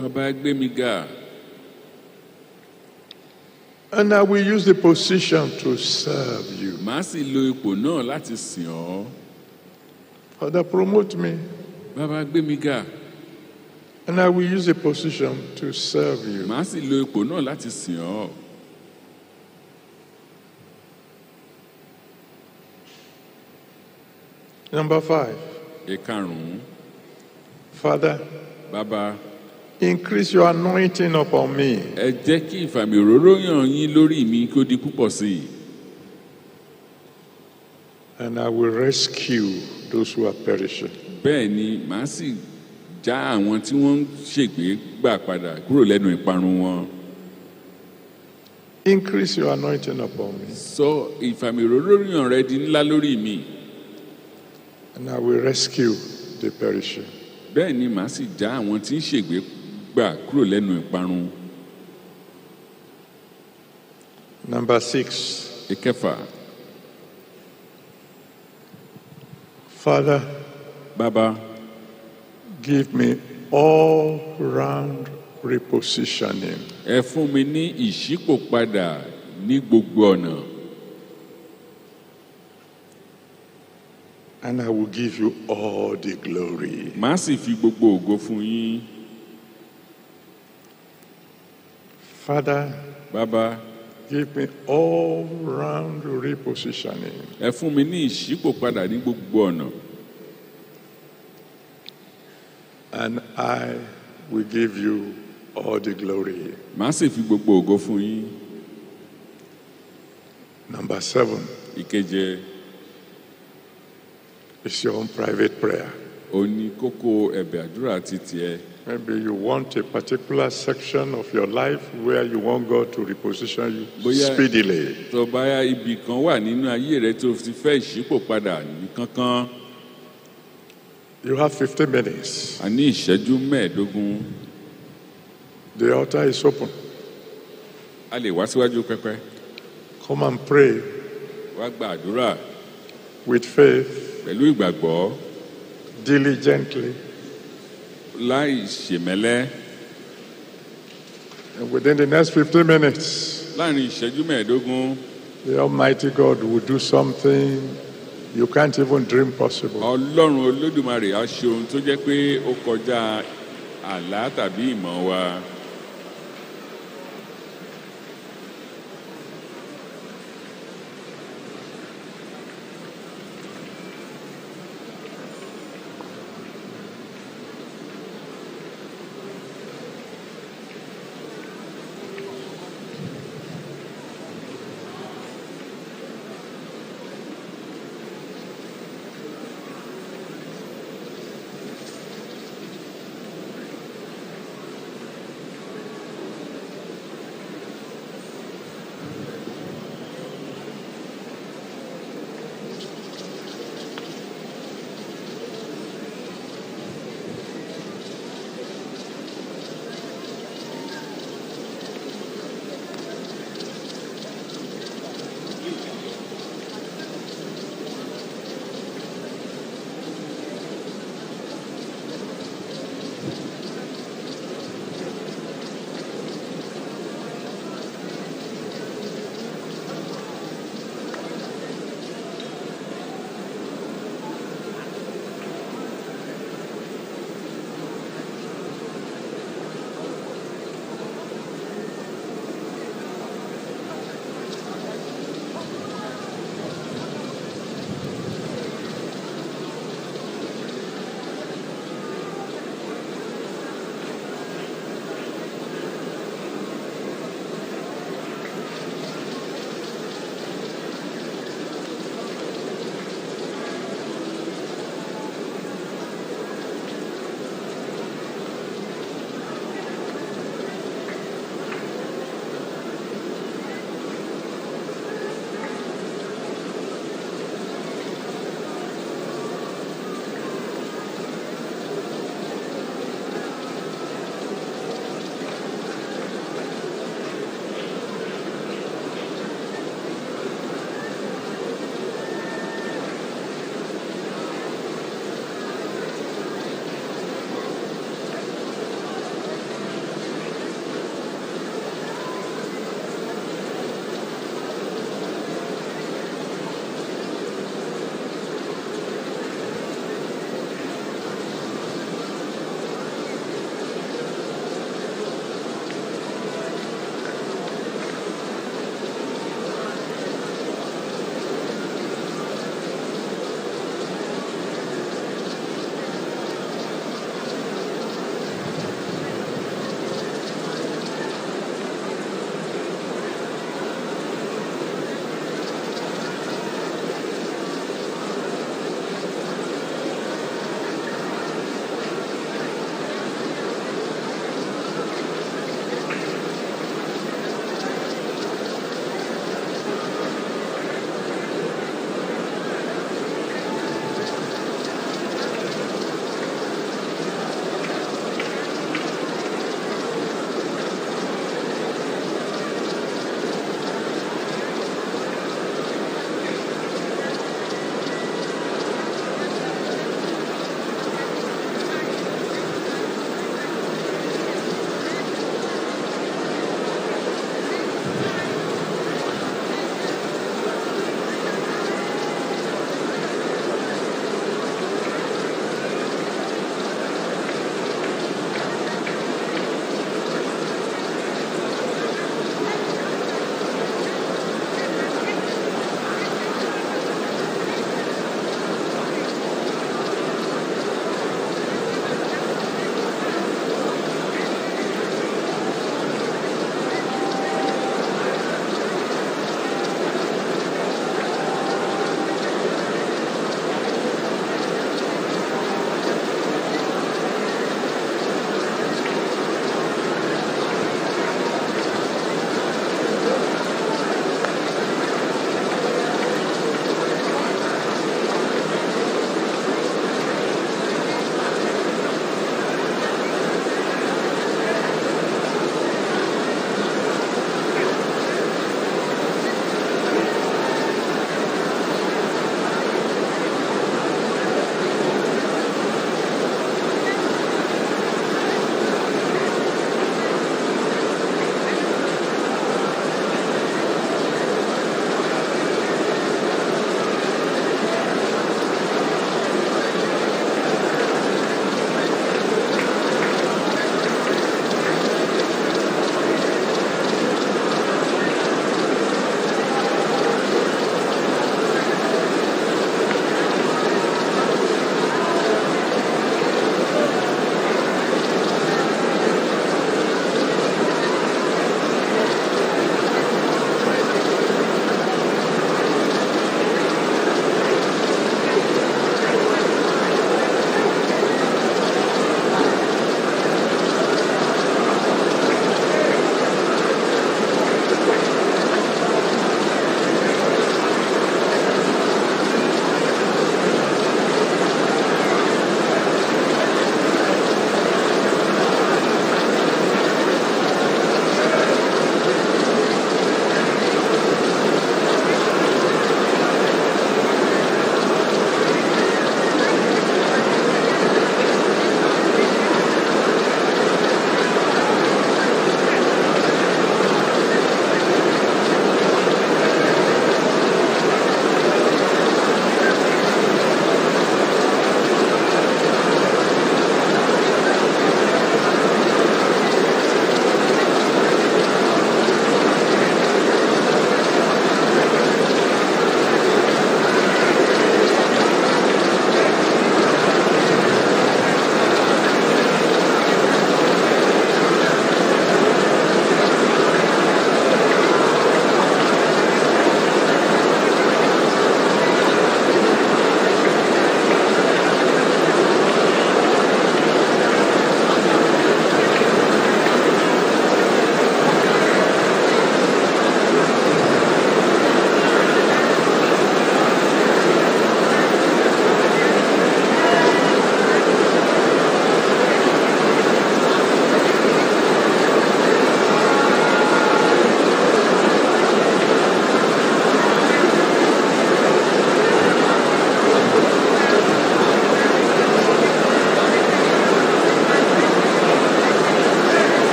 Bàbá ẹ gbé mi ga. And I will use the position to serve you. Màá sì lo ipò náà láti sìn ọ́. Father, promote me. Bàbá gbé mi ga. And I will use the position to serve you. Màá sì lo ipò náà láti sìn ọ́. Number five. ìkarùn Father. Bàbá. Increase your anointing upon me. Ẹ jẹ́ kí ìfàmì òróró yàn yín lórí mi kó di púpọ̀ sí i. And I will rescue those who are perishing. Bẹ́ẹ̀ ni, màá sì já àwọn tí wọ́n ń ṣègbè gbà padà kúrò lẹ́nu ìparun wọn. Increase your anointing upon me. Sọ ìfàmì òróró yàn rẹ di ńlá lórí mi. So, and I will rescue the perishing. màá sì já àwọn tí ń ṣègbè gbà kúrò lẹ́nu ìparun. Number six. Ìkẹfà. Father. Baba. Give me all round repositioning. Ẹ fún mi ní ìṣípòpadà ní gbogbo ọ̀nà. And I will give you all the glory. Màá sì fi gbogbo ògo fún yín. Father. Baba, Give me all round repositioning. Ẹ fún mi ní ìṣípòpadà ní gbogbo ọ̀nà. And I will give you all the glory. Màá sì fi gbogbo ògo fún yín. Number seven. Ìkeje. It's your own private prayer. Maybe you want a particular section of your life where you want God to reposition you speedily. Tọ́báyá ibì kan wà nínú ayé rẹ tó ti fẹ́ ìṣípò padà ní kankan. You have fifteen minutes. A ní ìṣẹ́jú mẹ́ẹ̀ẹ́dógún. The altar is open. A lè wá síwájú pẹpẹ. Come and pray. Wá gba àdúrà. With faith. pẹ̀lú ìgbàgbọ́. diligently. láì ṣèmẹ́lẹ́. and within the next fifteen minutes. láàrin ìṣẹ́jú mẹ́ẹ̀ẹ́dógún. the almighty God will do something you can't even dream possible. ọlọ́run olódùmarè á ṣe ohun tó jẹ́ pé ó kọjá àlá tàbí ìmọ̀ wa.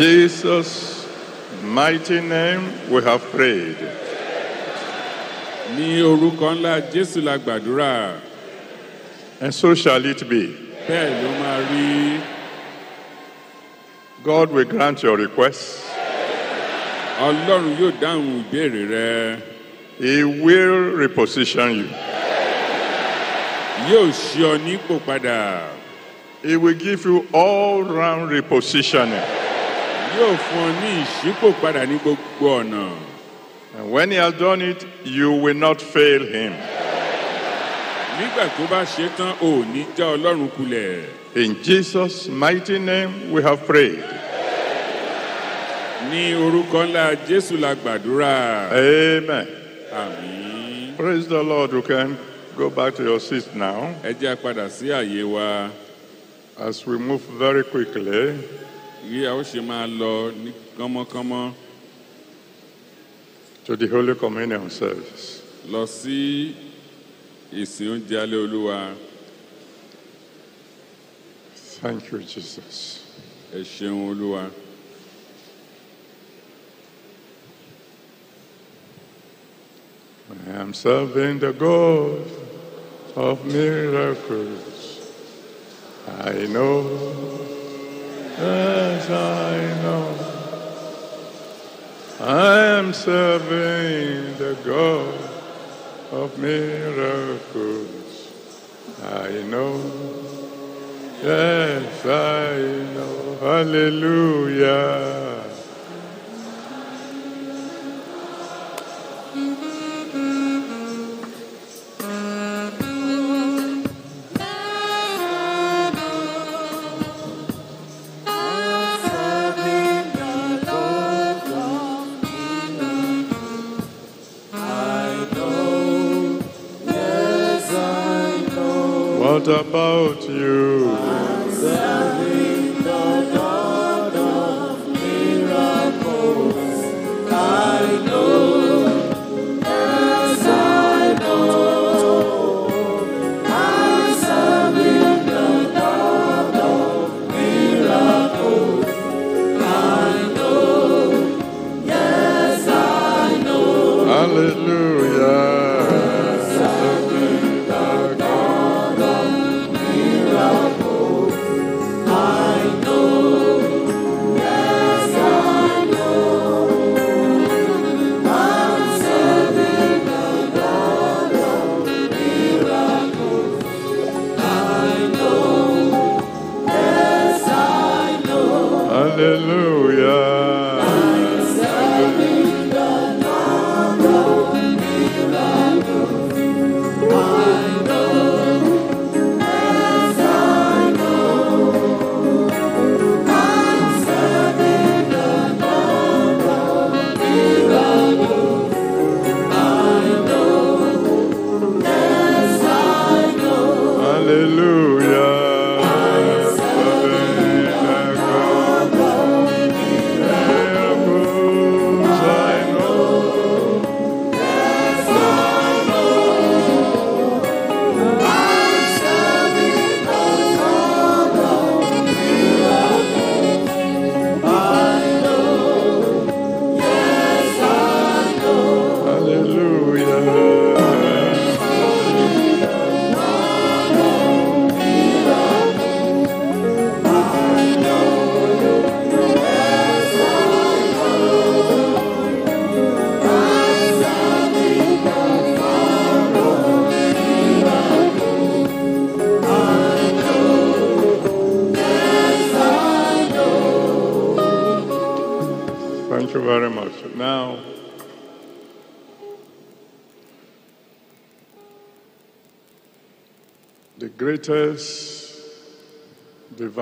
Jesus' mighty name we have prayed. Ní orúkọ ńlá Jésù la gbàdúrà. And so shall it be. God will grant your request. Ọlọ́run yóò dáhùn ìbéèrè rẹ. He will reposition you. Yóò ṣe ọ padà. He will give you all round repositioning yóò fún ọ ní ìṣípòpadà ní gbogbo ọ̀nà. And when he has done it, you will not fail him. Nígbà tó bá ṣe tán, ò ní já Ọlọ́run kulẹ̀. In Jesus' mighty name we have prayed. Ní orúkọ ńlá Jésù la gbàdúrà. Amen. Àmín. Praise the Lord, you can go back to your seat now. Ẹ jẹ́ padà sí àyè wa. As we move very quickly bí my Lord, come on, come on. to the holy communion service. lọ thank you jesus. I am serving the God of miracles. I know as I know. I am serving the God of miracles. I know. Yes, I know. Hallelujah. about you.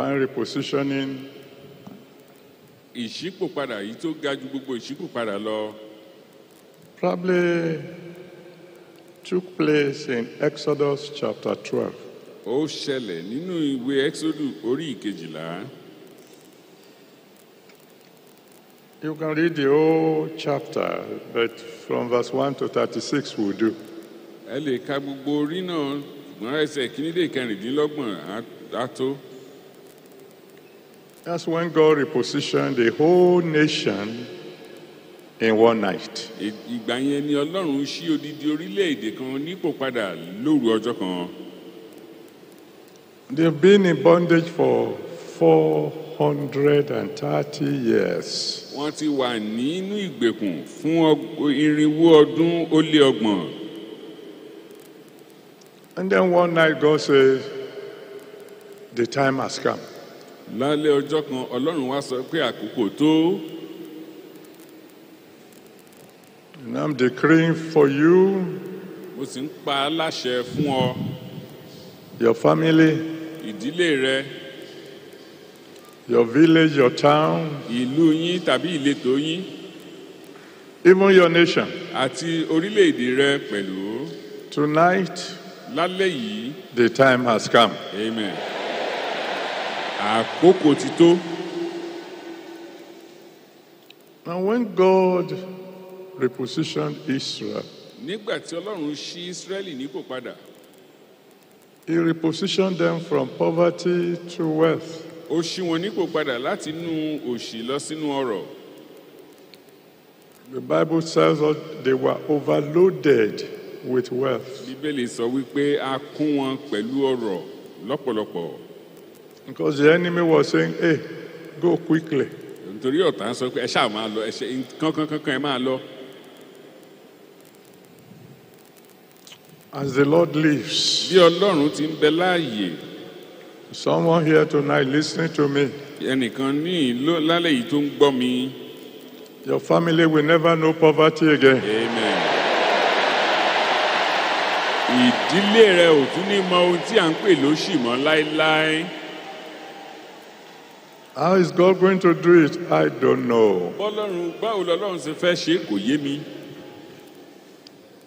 and repositioning. ìṣípòpadà yìí tó ga ju gbogbo ìṣípòpadà lọ. probably took place in Exodus chapter twelve. ó ṣẹlẹ̀ nínú ìwé exodus orí ìkejìlá. You can read the whole chapter, but from verse one to thirty 36 will do. ẹ lè ka gbogbo orí náà ṣùgbọ́n ẹsẹ̀ kìíní lè kẹrìndínlọ́gbọ̀n á That's when God repositioned the whole nation in one night. E, ìgbà yẹn ni Ọlọ́run ṣí odidi orílẹ̀-èdè kan nípò padà lóru ọjọ́ kan. They've been in bondage for four hundred and thirty years. Wọ́n ti wà nínú ìgbèkùn fún irinwó ọdún ó lé ọgbọ̀n. And then one night God says, the time has come lálẹ́ ọjọ́ kan ọlọ́run wá sọ pé àkókò tó. And I'm declaring for you. Mo sì ń pa á láṣẹ fún ọ. Your family. Ìdílé rẹ. Your village, your town. Ìlú yín tàbí ìletò yín. Even your nation. Àti orílẹ̀-èdè rẹ pẹ̀lú. Tonight. Lálẹ́ yìí. The time has come. Amen. Àkókò ti tó. And when God repositioned Israel, nígbà tí Ọlọ́run ṣí Ísírẹ́lì nípò padà. He repositioned them from poverty to wealth. Ó ṣí wọn nípò padà láti inú òṣì lọ sínú ọrọ̀. The Bible tells us they were overloaded with wealth. Bíbélì sọ wípé a kún wọn pẹ̀lú ọrọ̀ lọ́pọ̀lọpọ̀. Because the enemy was saying, hey, go quickly. Nítorí ọ̀tá sọ pé ẹ ṣáà máa lọ ẹ ṣe kankankankan ẹ máa lọ. As the Lord lives. Bí Ọlọ́run ti ń bẹ láàyè. Someone here tonight listening to me. Ẹnìkan ní ìlú lálẹ́ yìí tó ń gbọ́ mi. Your family will never know poverty again. Amen. Ìdílé rẹ ò tún ní mọ ohun tí à ń pè lóṣì láéláé. How is God going to do it? I don't know. Bọ́lọ́run báwo lọ́lọ́run ṣe fẹ́ ṣe kò yé mi.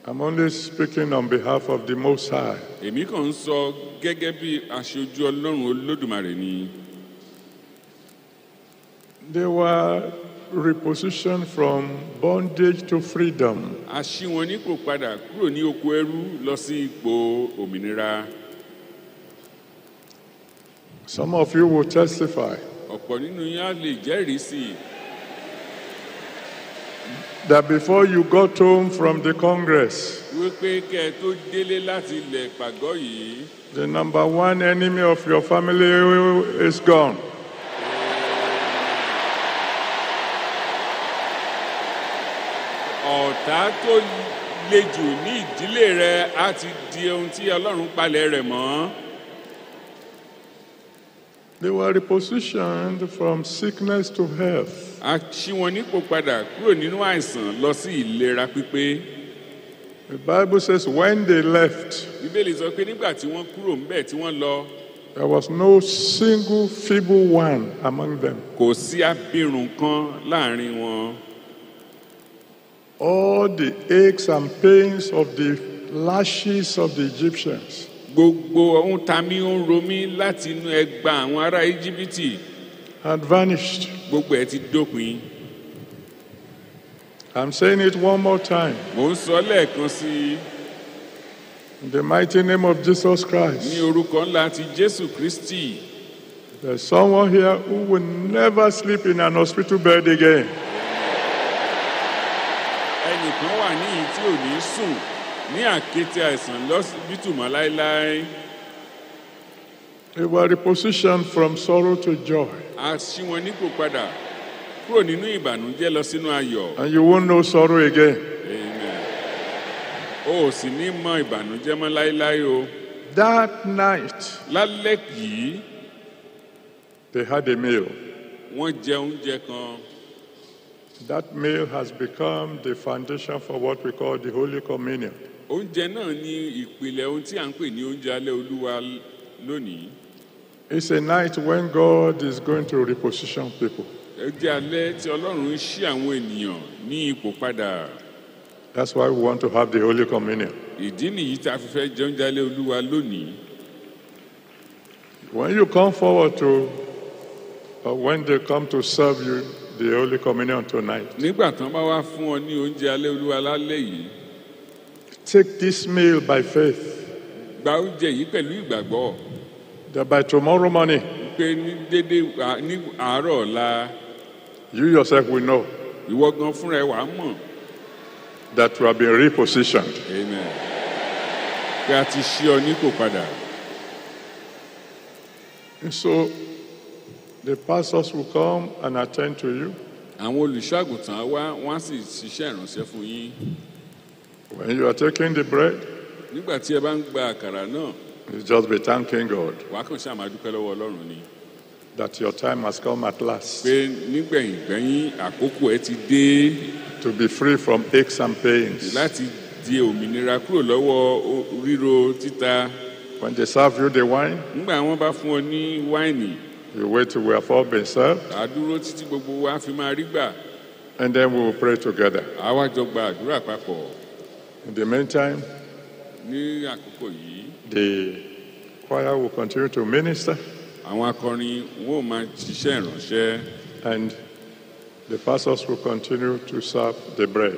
I'm only speaking on behalf of the Most High. Èmi kàn ń sọ gẹ́gẹ́ bí aṣojú Ọlọ́run Olódùmarè ni. They were repositioned from bondage to freedom. A ṣí wọn nípò padà kúrò ní oko ẹrú lọ sí ipò òmìnira. Some of you will testify ọ̀pọ̀ nínú yín á lè jẹ́rìí sí i. That before you got home from the Congress, wípé kẹ́ ẹ tó délé láti ilẹ̀ pàgọ́ yìí. The number one enemy of your family is gone. Ọ̀tá tó le jù ní ìdílé rẹ̀ á ti di ohun tí Ọlọ́run palẹ̀ rẹ̀ mọ́. They were repositioned from sickness to health. A ṣí wọn nípò padà kúrò nínú àìsàn lọ sí ìlera pípé. The bible says when they left. Bíbélì sọ pé nígbà tí wọ́n kúrò ńbẹ̀ tí wọ́n lọ. There was no single feeble one among them. Kò sí abirùn kan láàrin wọn. All the aches and pains of the lashes of the Egyptians gbogbo ohun tami ó ń ro láti inú ẹgba àwọn ará íjíbítì. had vanished. gbogbo ẹ ti dópin. I'm saying it one more time. Mo ń sọ lẹ́ẹ̀kan sí i. In the mighty name of Jesus Christ. Ní orúkọ ńlá ti Jésù Kristì. There is someone here who will never sleep in an hospital bed again. Ẹnìkan wà níyì tí ò ní sùn ní àkété àìsàn lọ́sibítù mọ́ láéláé. They were repositioned from sorrow to joy. A ṣí wọn nípò padà kúrò nínú ìbànújẹ́ lọ sínú ayọ̀. And you won't know sorrow again. O sì ní mọ ìbànújẹ́ mọ́ láéláé o. That night. Lálẹ́ yìí. They had a meal. Wọ́n jẹ oúnjẹ kan. That meal has become the foundation for what we call the Holy Communion oúnjẹ náà ni ìpìlẹ̀ ohun tí à ń pè ní oúnjẹ alẹ́ olúwa lónìí. It's a night when God is going to reposition people. Ẹjẹ́ alẹ́ tí Ọlọ́run ṣí àwọn ènìyàn ní ipò padà. That's why we want to have the Holy Communion. Ìdí nìyí tá a fi fẹ́ jẹ oúnjẹ alẹ́ olúwa lónìí. When you come forward to, or when they come to serve you the Holy Communion tonight. Nígbà tán bá wá fún ọ ní oúnjẹ alẹ́ olúwa lálẹ́ yìí. Take this meal by faith. Gba oúnjẹ yìí pẹ̀lú ìgbàgbọ́. That by tomorrow morning. Pé ní dédé ní àárọ̀ ọ̀la. You yourself will know. Ìwọ gan fúnra ẹ wà á mọ̀. That you have been repositioned. Amen. Pé a ti ṣí ọ ní kò padà. And so the pastors will come and attend to you. Àwọn olùṣọ́ àgùntàn wá wọ́n sì ṣiṣẹ́ ìrànṣẹ́ fún yín. When you are taking the bread, nígbà tí ẹ bá ń gba àkàrà náà. you just be thanking God. wà kàn ṣáà máa dúpẹ́ lọ́wọ́ ọlọ́run ni. that your time has come at last. pé nígbẹ̀yìn gbẹ̀yìn àkókò ẹ ti dé. to be free from aches and pains. láti di òmìnira kúrò lọ́wọ́ ríro títa. when they serve you the wine. nígbà wọn bá fún ọ ní wáìnì. you wait till we have all been served. àdúró títí gbogbo wa fi máa rí gbà. and then we will pray together. àwa jọ gba àdúrà papọ̀. In the meantime, the choir will continue to minister. And the pastors will continue to serve the bread.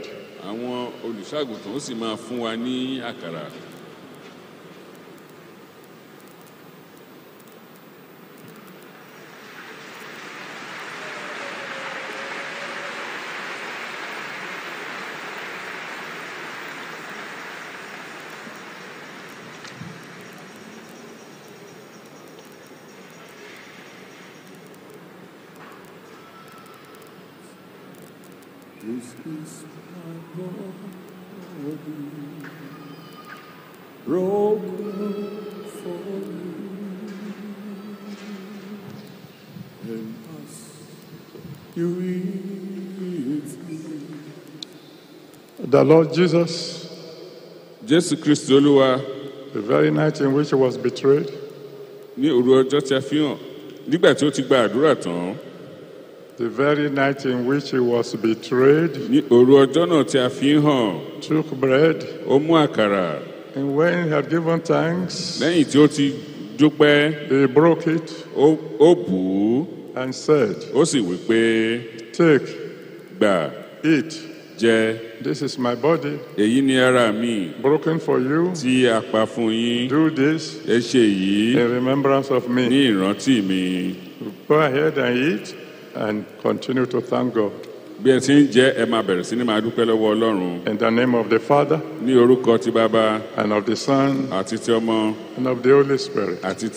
the Lord Jesus, Jesus Christ, Olúwa, the very night in which he was betrayed, ní òru ọjọ́ tí a fi hàn nígbà tí ó ti gba àdúrà tán. The very night in which he was betrayed, took bread, And when he had given thanks, they broke it, and said, take, eat, This is my body. Broken for you. Do this. In remembrance of me. Ní Go ahead and eat and continue to thank God. In the name of the Father. Ní orúkọ ti Bàbá. And of the Son. Ọmọ. And of the Holy Spirit. Àti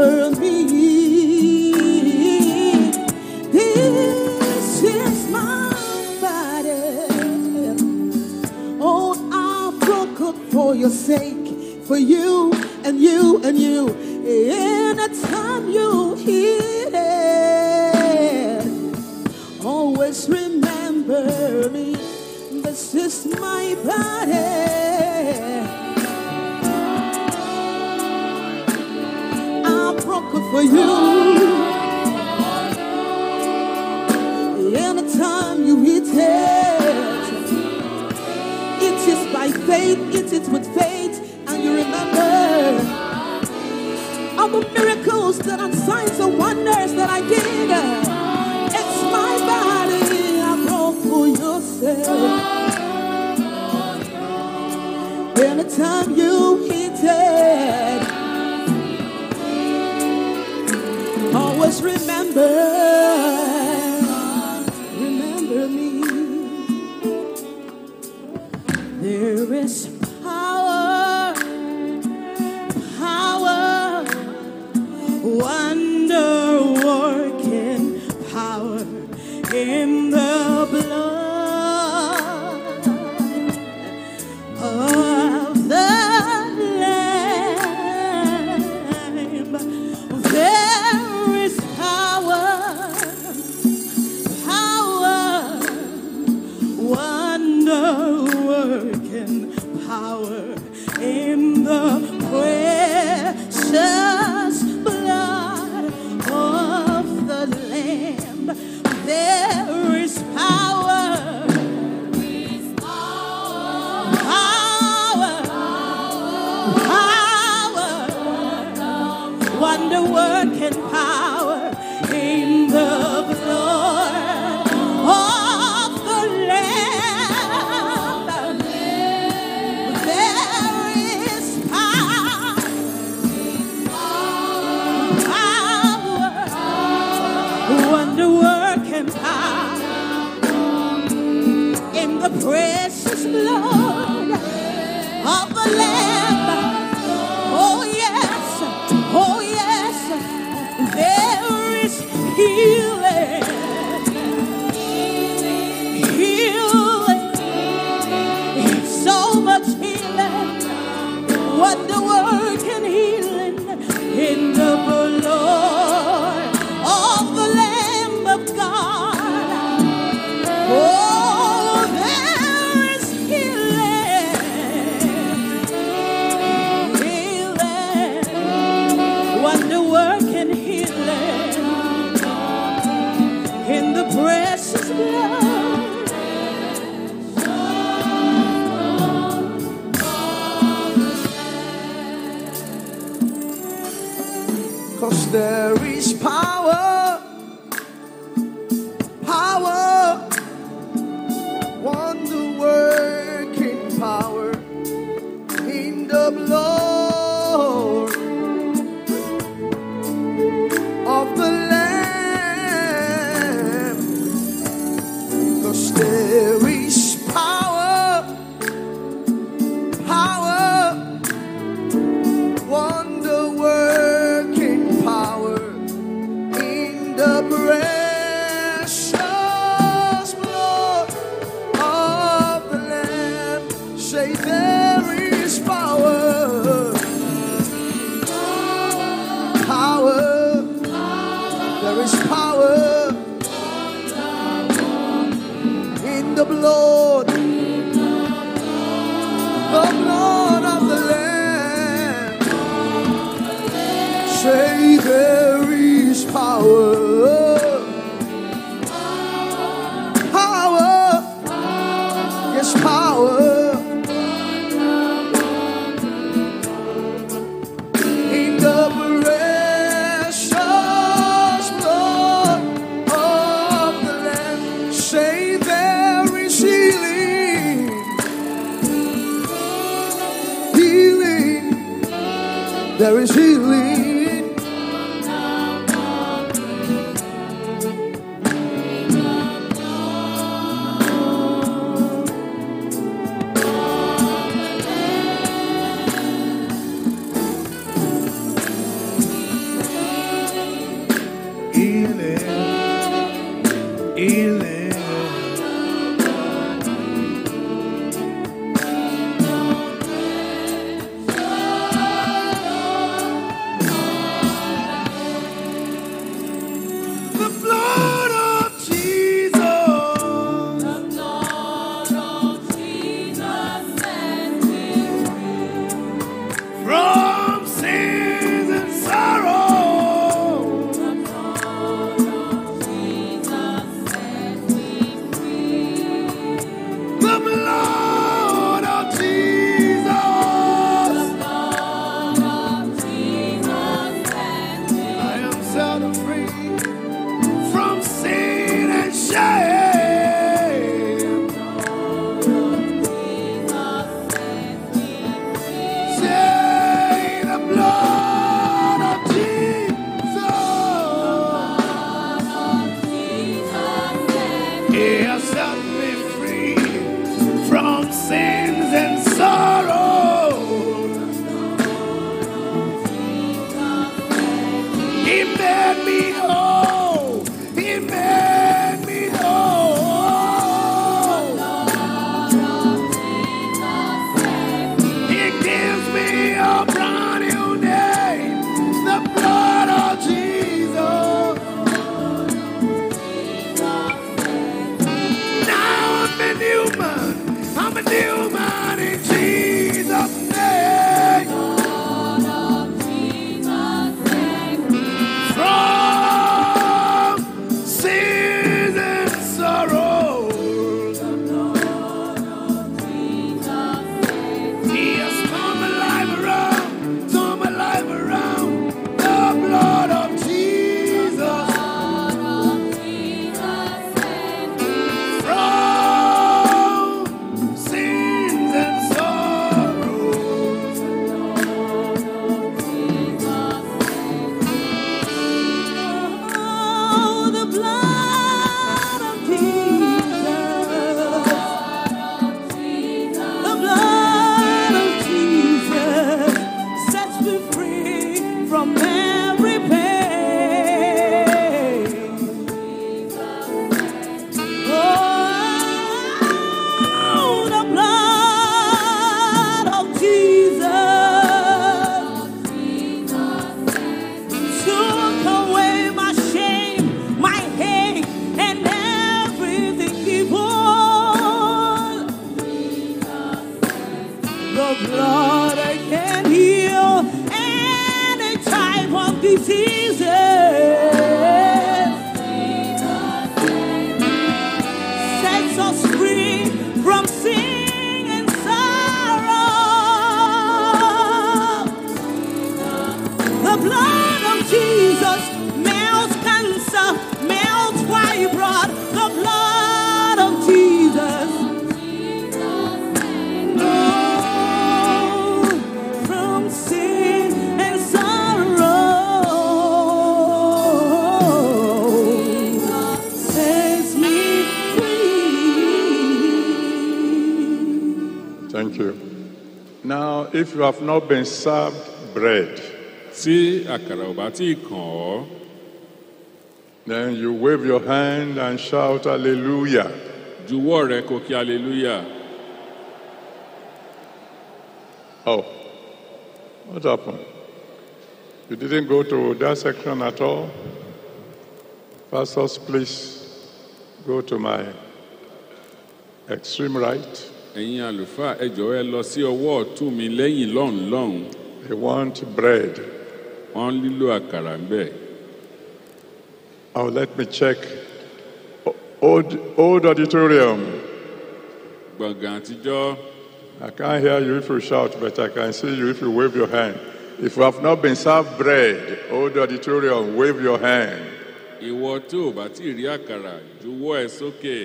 over me. There is he? you have not been served bread, then you wave your hand and shout Alleluia. You rẹ kí hallelujah. Oh, what happened? You didn't go to that section at all? Pastors, please go to my extreme right. ẹ̀yin àlùfáà ẹ jọ̀wọ́ ẹ lọ sí ọwọ́ ọ̀tún mi lẹ́yìn lọ́hùn lọ́hùn. they want bread. wọ́n lílo àkàrà ń bẹ̀. oh let me check old old auditorium. gbọ̀ngàn àtijọ́. I can't hear you if you shout, but I can see you if you wave your hand. If you have not been served bread, old auditorium, wave your hand. Ìwọ tí ò bá tí ì rí àkàrà, juwọ́ ẹ sókè.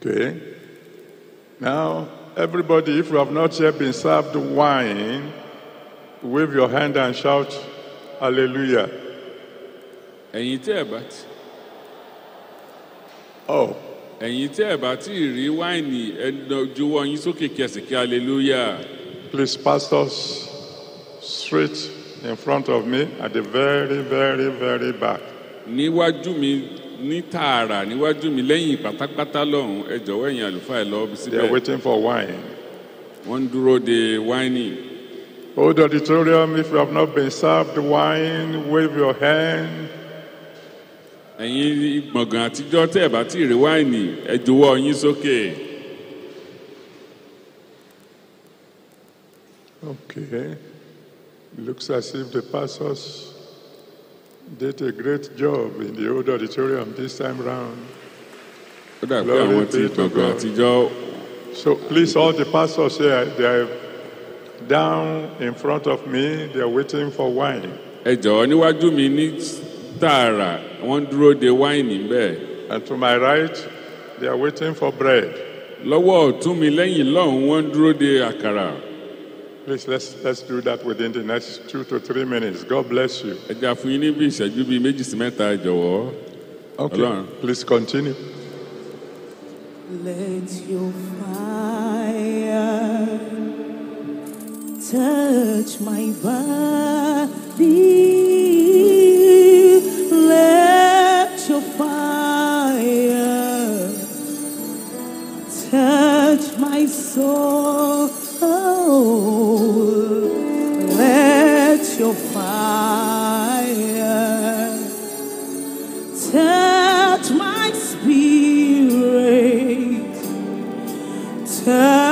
Okay. Now, everybody, if you have not yet been served wine, wave your hand and shout, Hallelujah. ẹ̀yin tẹ́ ẹ̀ bá tí. ọ. Oh. ẹ̀yin tẹ́ ẹ̀ bá tí rí wáìnì ẹ̀dọ̀ jọwọ́ yín sókè kẹsìkẹ́ hallelujah. please pastors straight in front of me at the very very very back. níwájú mi ní tààrà níwájú mi lẹ́yìn pátápátá lọ́hùn ẹ jọ̀wọ́ ẹ̀yìn àlùfáà ẹ̀ lọ síbẹ̀. they are waiting for wine. wọ́n ń dúró de wáìnì. Old oh, auditorium, if you have not been served wine, wave your hand. ẹ̀yin gbọ̀ngàn àtijọ́ tẹ́ ẹ̀ bá tí rí wáìnì ẹ jọ̀wọ́ yín sókè. Okay, looks as if the pastors. did a great job in the old auditorium this time round. Glory be to God. So please, all the pastors here, they are down in front of me, they are waiting for wine. Ẹ jọ̀ọ́ níwájú I want to draw the wine in there. And to my right, they are waiting for bread. Lọ́wọ́ ọ̀tún mi lẹ́yìn lọ́hùn-ún, wọ́n the de àkàrà. Please let's let's do that within the next two to three minutes. God bless you. Okay, please continue. Let your fire touch my body. Let your fire touch my soul. Let your fire touch my spirit. Touch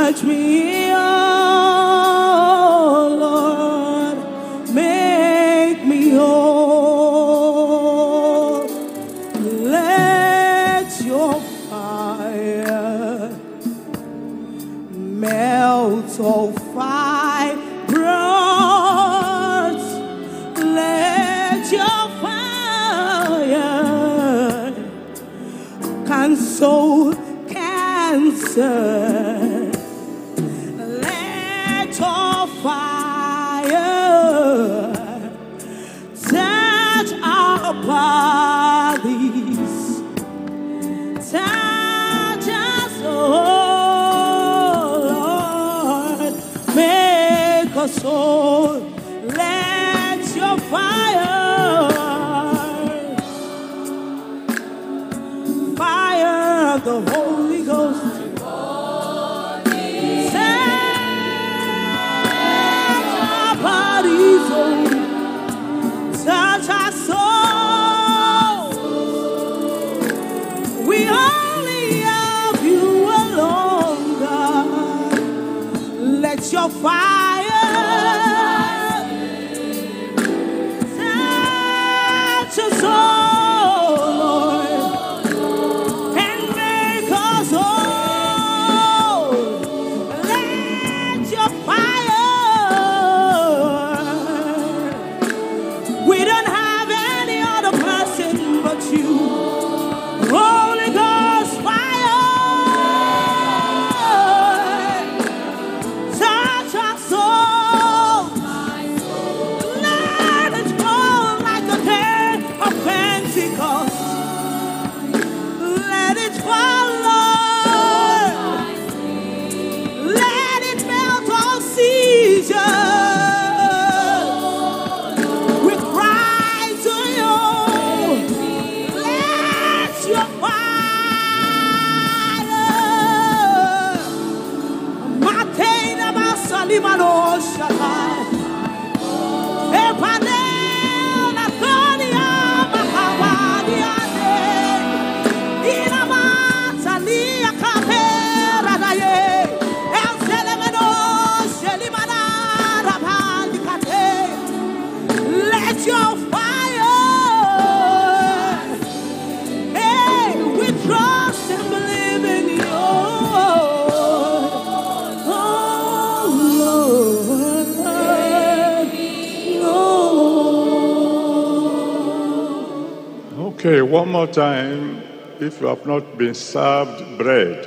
One more time, if you have not been served bread,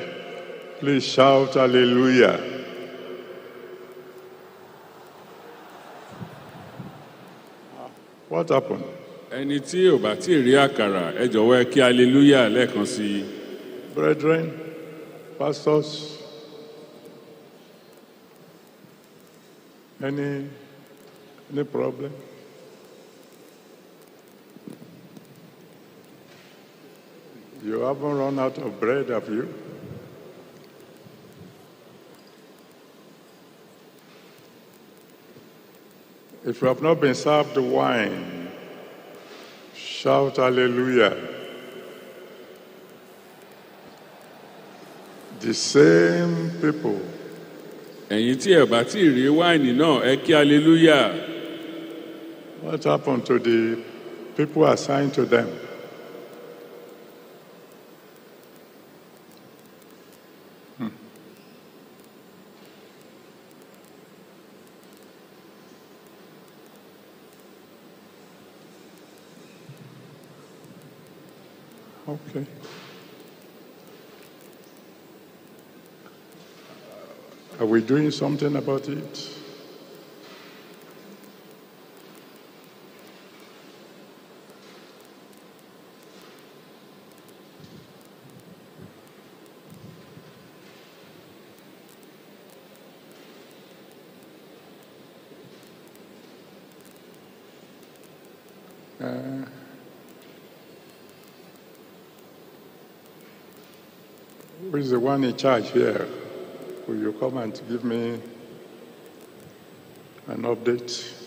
please shout Alleluia. What happened? Ẹni tí ò bá tí ì rí àkàrà, Brethren, pastors, any any problem? haven't run out of bread, have you? If you have not been served wine, shout hallelujah. The same people. Ẹ̀yin tí ẹ̀ bá tí ì rí wáìnì náà, ẹ kí hallelujah. What happened to the people assigned to them? Okay. Are we doing something about it? who is the one in charge here? Will you come and give me an update?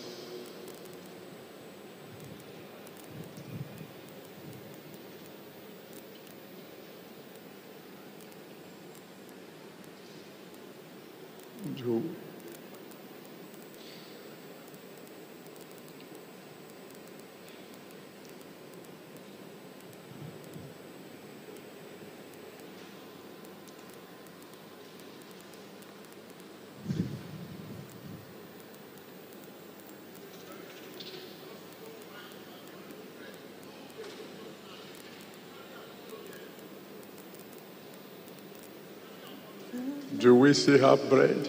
we still have bread?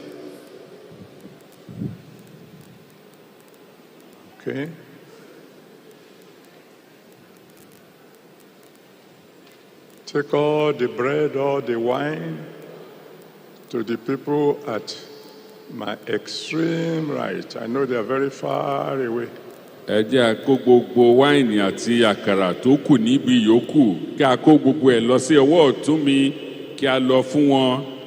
Okay. Take all the bread, all the wine to the people at my extreme right. I know they are very far away. ẹ jẹ́ a kó gbogbo wáìnì àti àkàrà tó kù níbi yòókù kí a gbogbo ẹ̀ lọ sí ọwọ́ ọ̀tún mi kí a lọ fún wọn.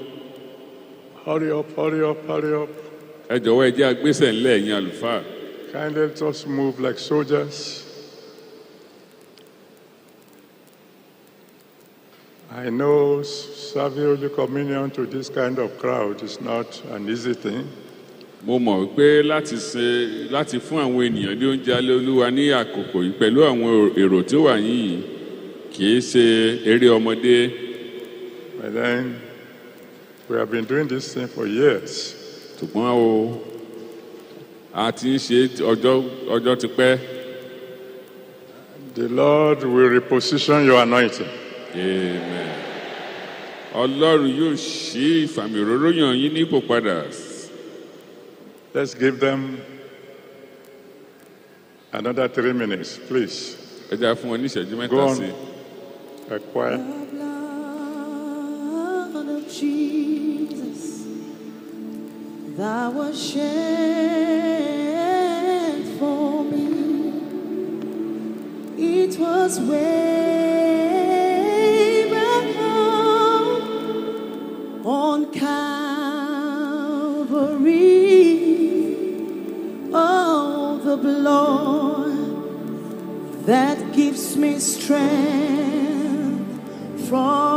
Hurry up, hurry up, hurry up. Ẹ jọ̀wọ́ ẹ jẹ́ agbésẹ̀ ńlẹ̀ ẹ̀yin àlùfáà. Kind let us move like soldiers. I know serving Holy Communion to this kind of crowd is not an easy thing. Mo mọ̀ wípé láti ṣe láti fún àwọn ènìyàn ní oúnjẹ alẹ́ Olúwa ní àkókò yìí pẹ̀lú àwọn èrò tí ó wà yìí kì í ṣe eré ọmọdé. But then We have been doing this thing for years. ṣùgbọ́n o a ti ń ṣe ọjọ́ ọjọ́ ti pẹ́. The Lord will reposition your anointing. Amen. Ọlọ́run yóò ṣí ìfàmì òróró yàn yín ní ipò padà. Let's give them another three minutes, please. Ẹ jẹ́ fún wọn ní ìṣẹ́jú mẹ́ta sí. Go on. Acquire. that was shed for me. It was way back on Calvary. Oh, the blood that gives me strength from.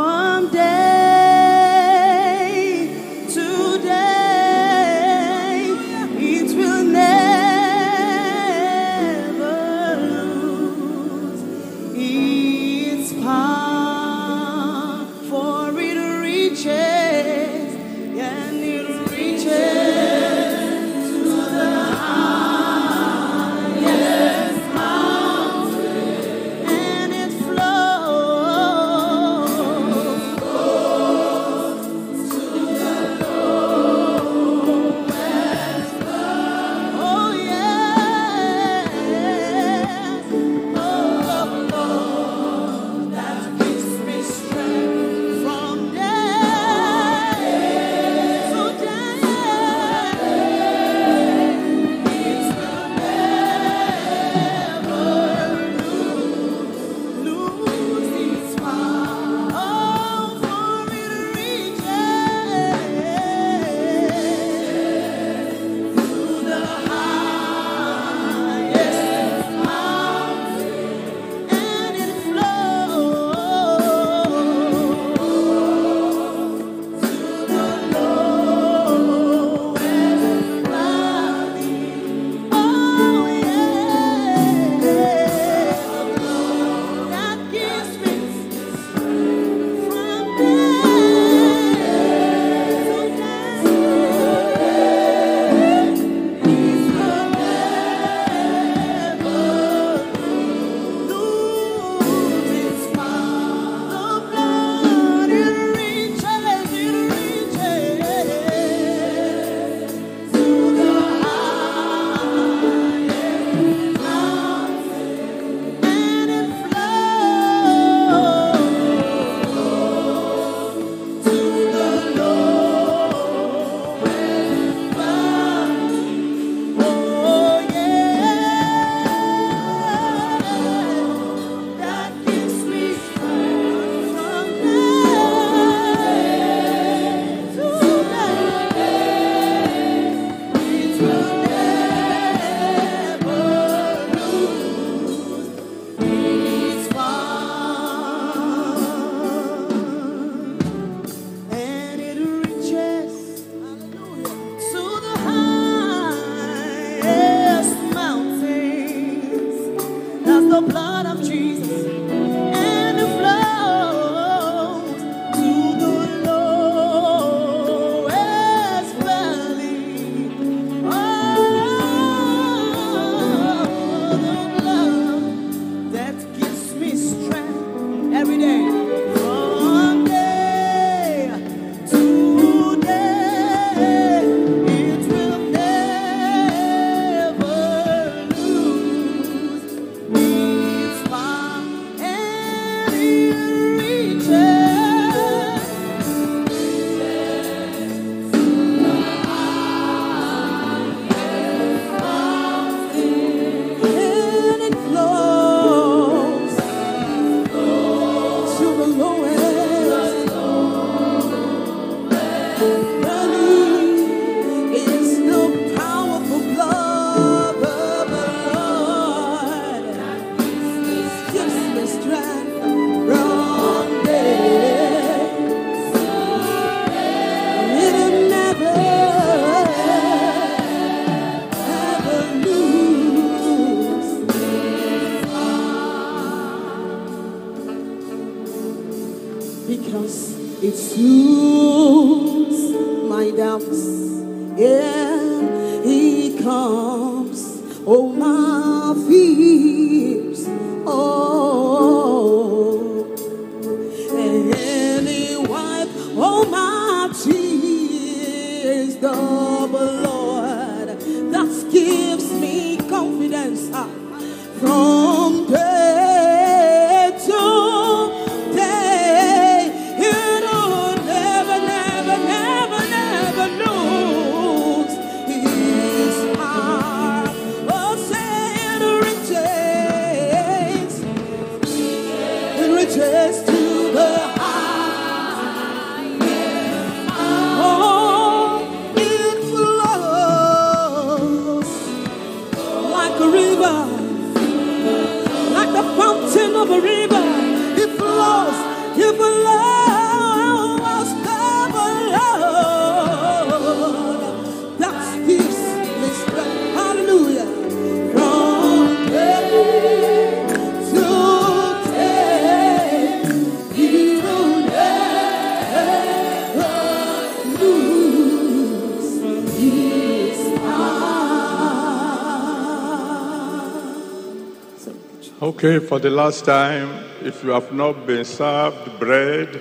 Okay, for the last time, if you have not been served bread,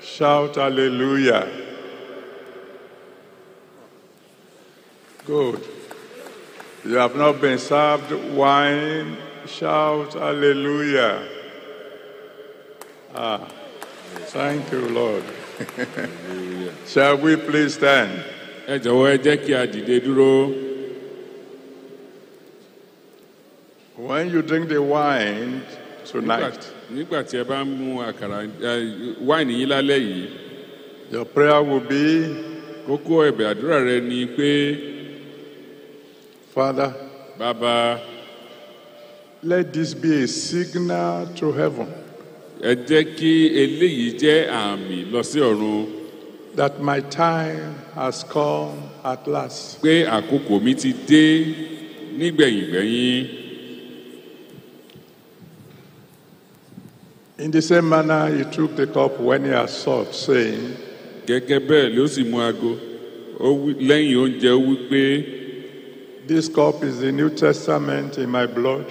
shout hallelujah. Good. You have not been served wine, shout hallelujah. Ah, thank you, Lord. Shall we please stand? drink the wine tonight. Nígbà tí ẹ bá ń mu àkàrà wáìnì yín lálẹ́ yìí. Your prayer will be. Kókó ẹ̀bẹ̀ àdúrà rẹ ni pé. Father. Bàbá. Let this be a signal to heaven. Ẹ jẹ́ kí eléyìí jẹ́ àmì lọ sí ọ̀run. That my time has come at last. Pé àkókò mi ti dé nígbẹ̀yìngbẹ̀yìn. In the same manner, he took the cup when he had supped, saying, Gẹ́gẹ́ bẹ́ẹ̀ ló sì mú ago. Lẹ́yìn oúnjẹ ó wí pé. This cup is the New Testament in my blood.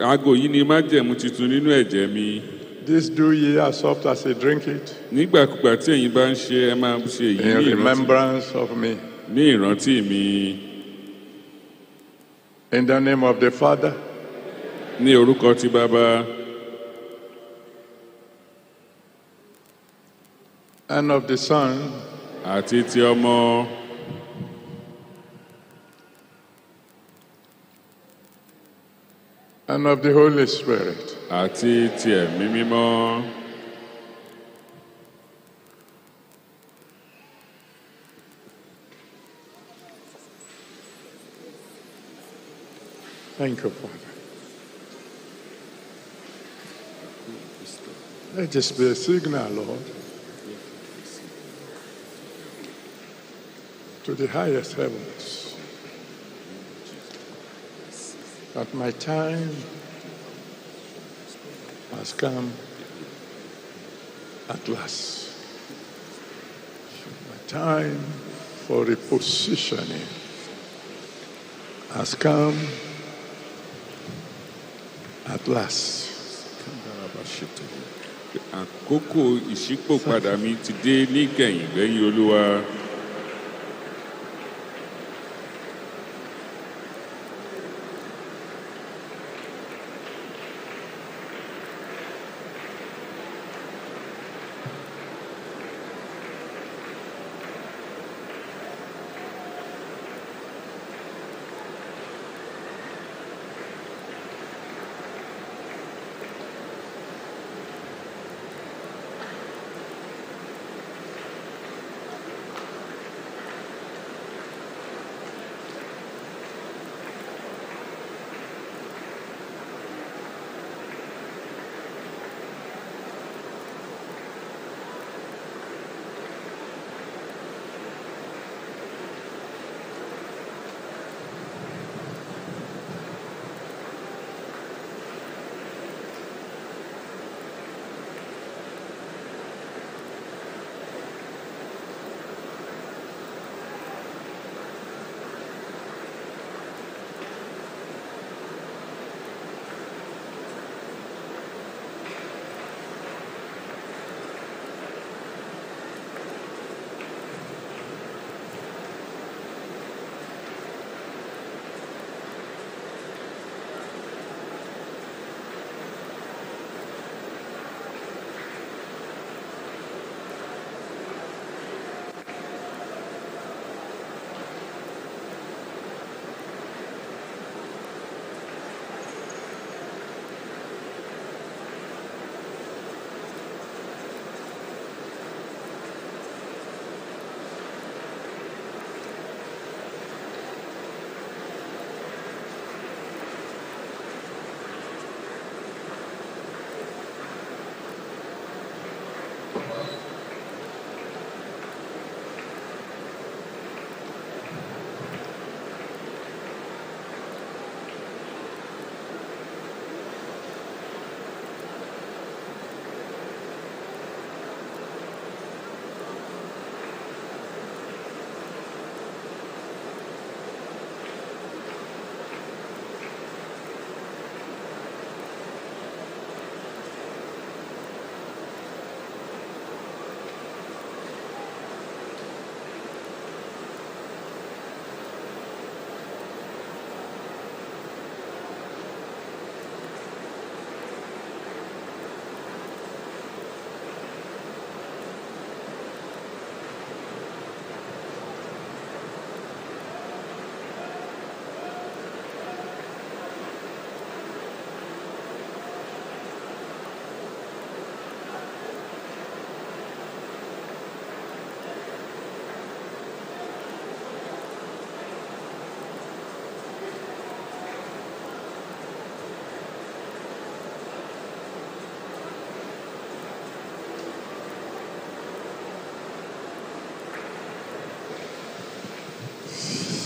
Ago yìí ni májẹ̀mú tuntun nínú ẹ̀jẹ̀ mi. This do ye as oft as ye drink it. Nígbàkúgbà tí ẹ̀yin bá ń ṣe ẹ máa ṣe èyí ní ìrántí. In remembrance of me. Ní ìrántí mi. In the name of the Father. Ní orúkọ ti bàbá. and of the Son àti ti ọmọ. and of the Holy Spirit. àti ti ẹ̀mí mímọ́. Thank you, Father. Let this be a signal, Lord. to the highest heavens. but my time has come at last. My time for repositioning has come at last. àkókò ìṣípòpadà mi ti dé nígbẹ̀yìn gbẹ̀yìn olúwa.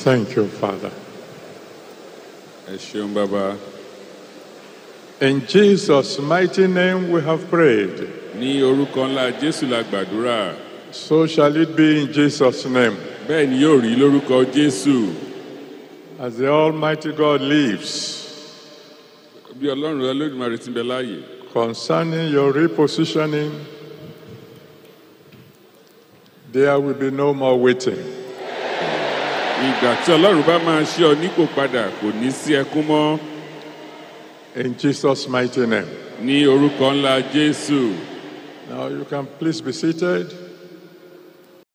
Thank you, Father. In Jesus' mighty name we have prayed. Ní orúkọ ńlá Jésù So shall it be in Jesus' name. Ben yori lórúkọ Jésù. As the Almighty God lives. Concerning your repositioning, there will be no more waiting. Ìgbà tí Ọlọ́run bá máa ṣe ọ nípò padà kò ní sí ẹkún mọ́. In Jesus' mighty name. Ní orúkọ ńlá Jésù. Now you can please be seated.